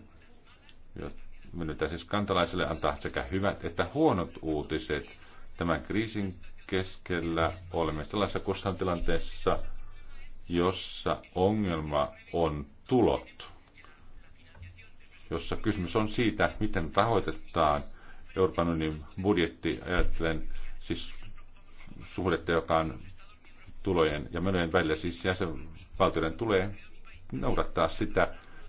myönnetään siis kantalaisille antaa sekä hyvät että huonot uutiset. Tämän kriisin keskellä olemme tällaisessa kustantilanteessa, jossa ongelma on tulot, jossa kysymys on siitä, miten rahoitetaan Euroopan unionin budjetti, ajattelen siis suhdetta, joka on tulojen ja menojen välillä. Siis jäsenvaltioiden tulee noudattaa sitä,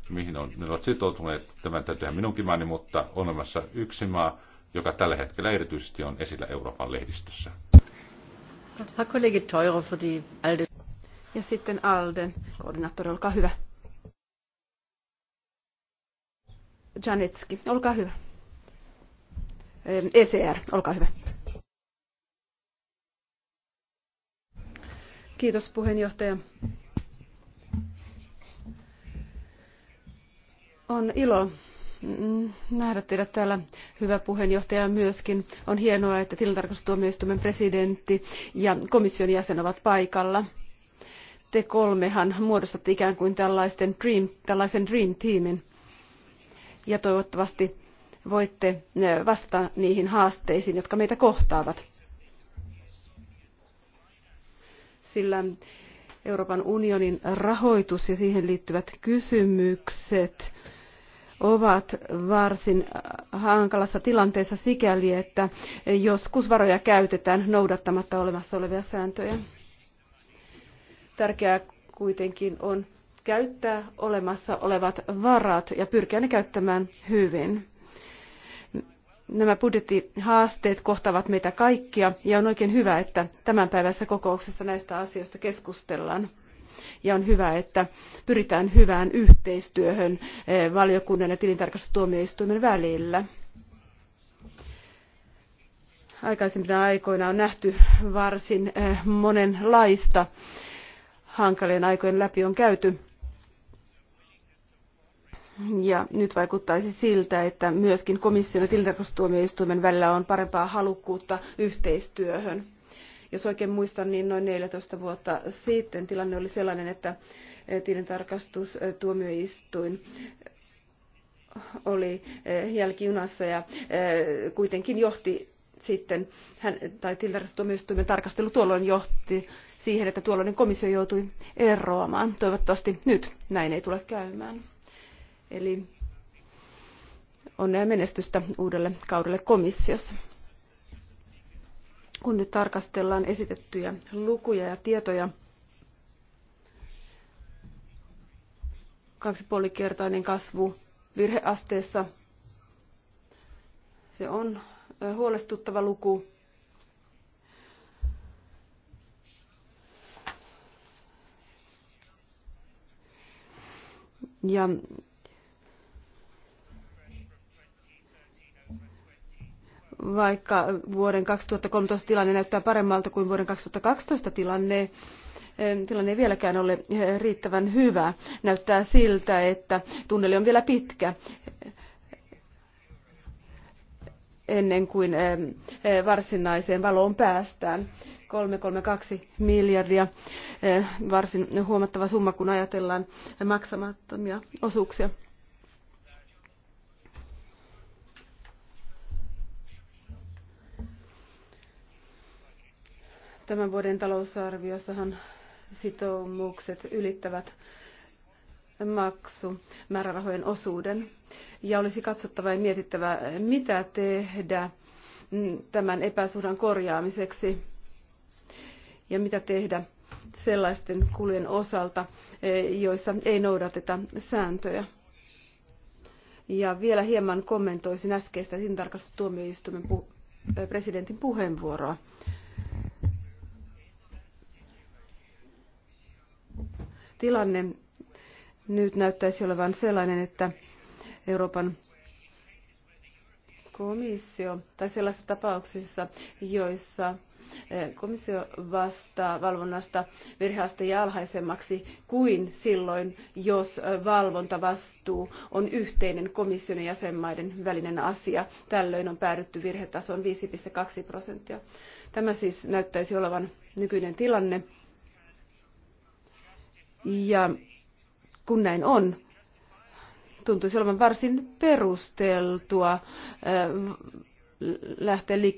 mihin on, ne ovat sitoutuneet. Tämän täytyyhän minunkin maani, mutta on olemassa yksi maa, joka tällä hetkellä erityisesti on esillä Euroopan lehdistössä. Ja sitten Alden, koordinaattori, olkaa hyvä. Janetski, olkaa hyvä. ECR, e olkaa hyvä. Kiitos puheenjohtaja. On ilo nähdä teidät täällä, hyvä puheenjohtaja myöskin. On hienoa, että tilintarkastustuomioistuimen presidentti ja komission jäsen ovat paikalla. Te kolmehan muodostatte ikään kuin tällaisen dream, tällaisen dream teamin. Ja toivottavasti voitte vastata niihin haasteisiin, jotka meitä kohtaavat. sillä Euroopan unionin rahoitus ja siihen liittyvät kysymykset ovat varsin hankalassa tilanteessa sikäli, että joskus varoja käytetään noudattamatta olemassa olevia sääntöjä. Tärkeää kuitenkin on käyttää olemassa olevat varat ja pyrkiä ne käyttämään hyvin. Nämä budjettihaasteet kohtavat meitä kaikkia ja on oikein hyvä, että tämän päivässä kokouksessa näistä asioista keskustellaan. Ja on hyvä, että pyritään hyvään yhteistyöhön eh, valiokunnan ja tilintarkastustuomioistuimen välillä aikaisempina aikoina on nähty varsin eh, monenlaista hankalien aikojen läpi on käyty ja nyt vaikuttaisi siltä, että myöskin komission ja tilintarkastustuomioistuimen välillä on parempaa halukkuutta yhteistyöhön. Jos oikein muistan, niin noin 14 vuotta sitten tilanne oli sellainen, että tilintarkastustuomioistuin oli jälkijunassa ja kuitenkin johti sitten, hän, tai tilintarkastustuomioistuimen tarkastelu tuolloin johti siihen, että tuolloinen komissio joutui eroamaan. Toivottavasti nyt näin ei tule käymään. Eli onnea menestystä uudelle kaudelle komissiossa. Kun nyt tarkastellaan esitettyjä lukuja ja tietoja, kaksipuolikertainen kasvu virheasteessa, se on huolestuttava luku. Ja vaikka vuoden 2013 tilanne näyttää paremmalta kuin vuoden 2012 tilanne, eh, tilanne ei vieläkään ole eh, riittävän hyvä. Näyttää siltä, että tunneli on vielä pitkä ennen kuin eh, varsinaiseen valoon päästään. 332 miljardia, varsin huomattava summa, kun ajatellaan maksamattomia osuuksia. Tämän vuoden talousarviossahan sitoumukset ylittävät maksumäärärahojen osuuden. Ja olisi katsottava ja mietittävä, mitä tehdä tämän epäsuhdan korjaamiseksi ja mitä tehdä sellaisten kulujen osalta, joissa ei noudateta sääntöjä. Ja vielä hieman kommentoisin äskeistä tilintarkastustuomioistuimen presidentin puheenvuoroa tilanne nyt näyttäisi olevan sellainen, että Euroopan komissio, tai sellaisissa tapauksissa, joissa eh, komissio vastaa valvonnasta virheaste alhaisemmaksi kuin silloin, jos eh, valvontavastuu on yhteinen komission ja jäsenmaiden välinen asia. Tällöin on päädytty virhetasoon 5,2 prosenttia. Tämä siis näyttäisi olevan nykyinen tilanne. Ja kun näin on, tuntuisi olevan varsin perusteltua lähteä liikkeelle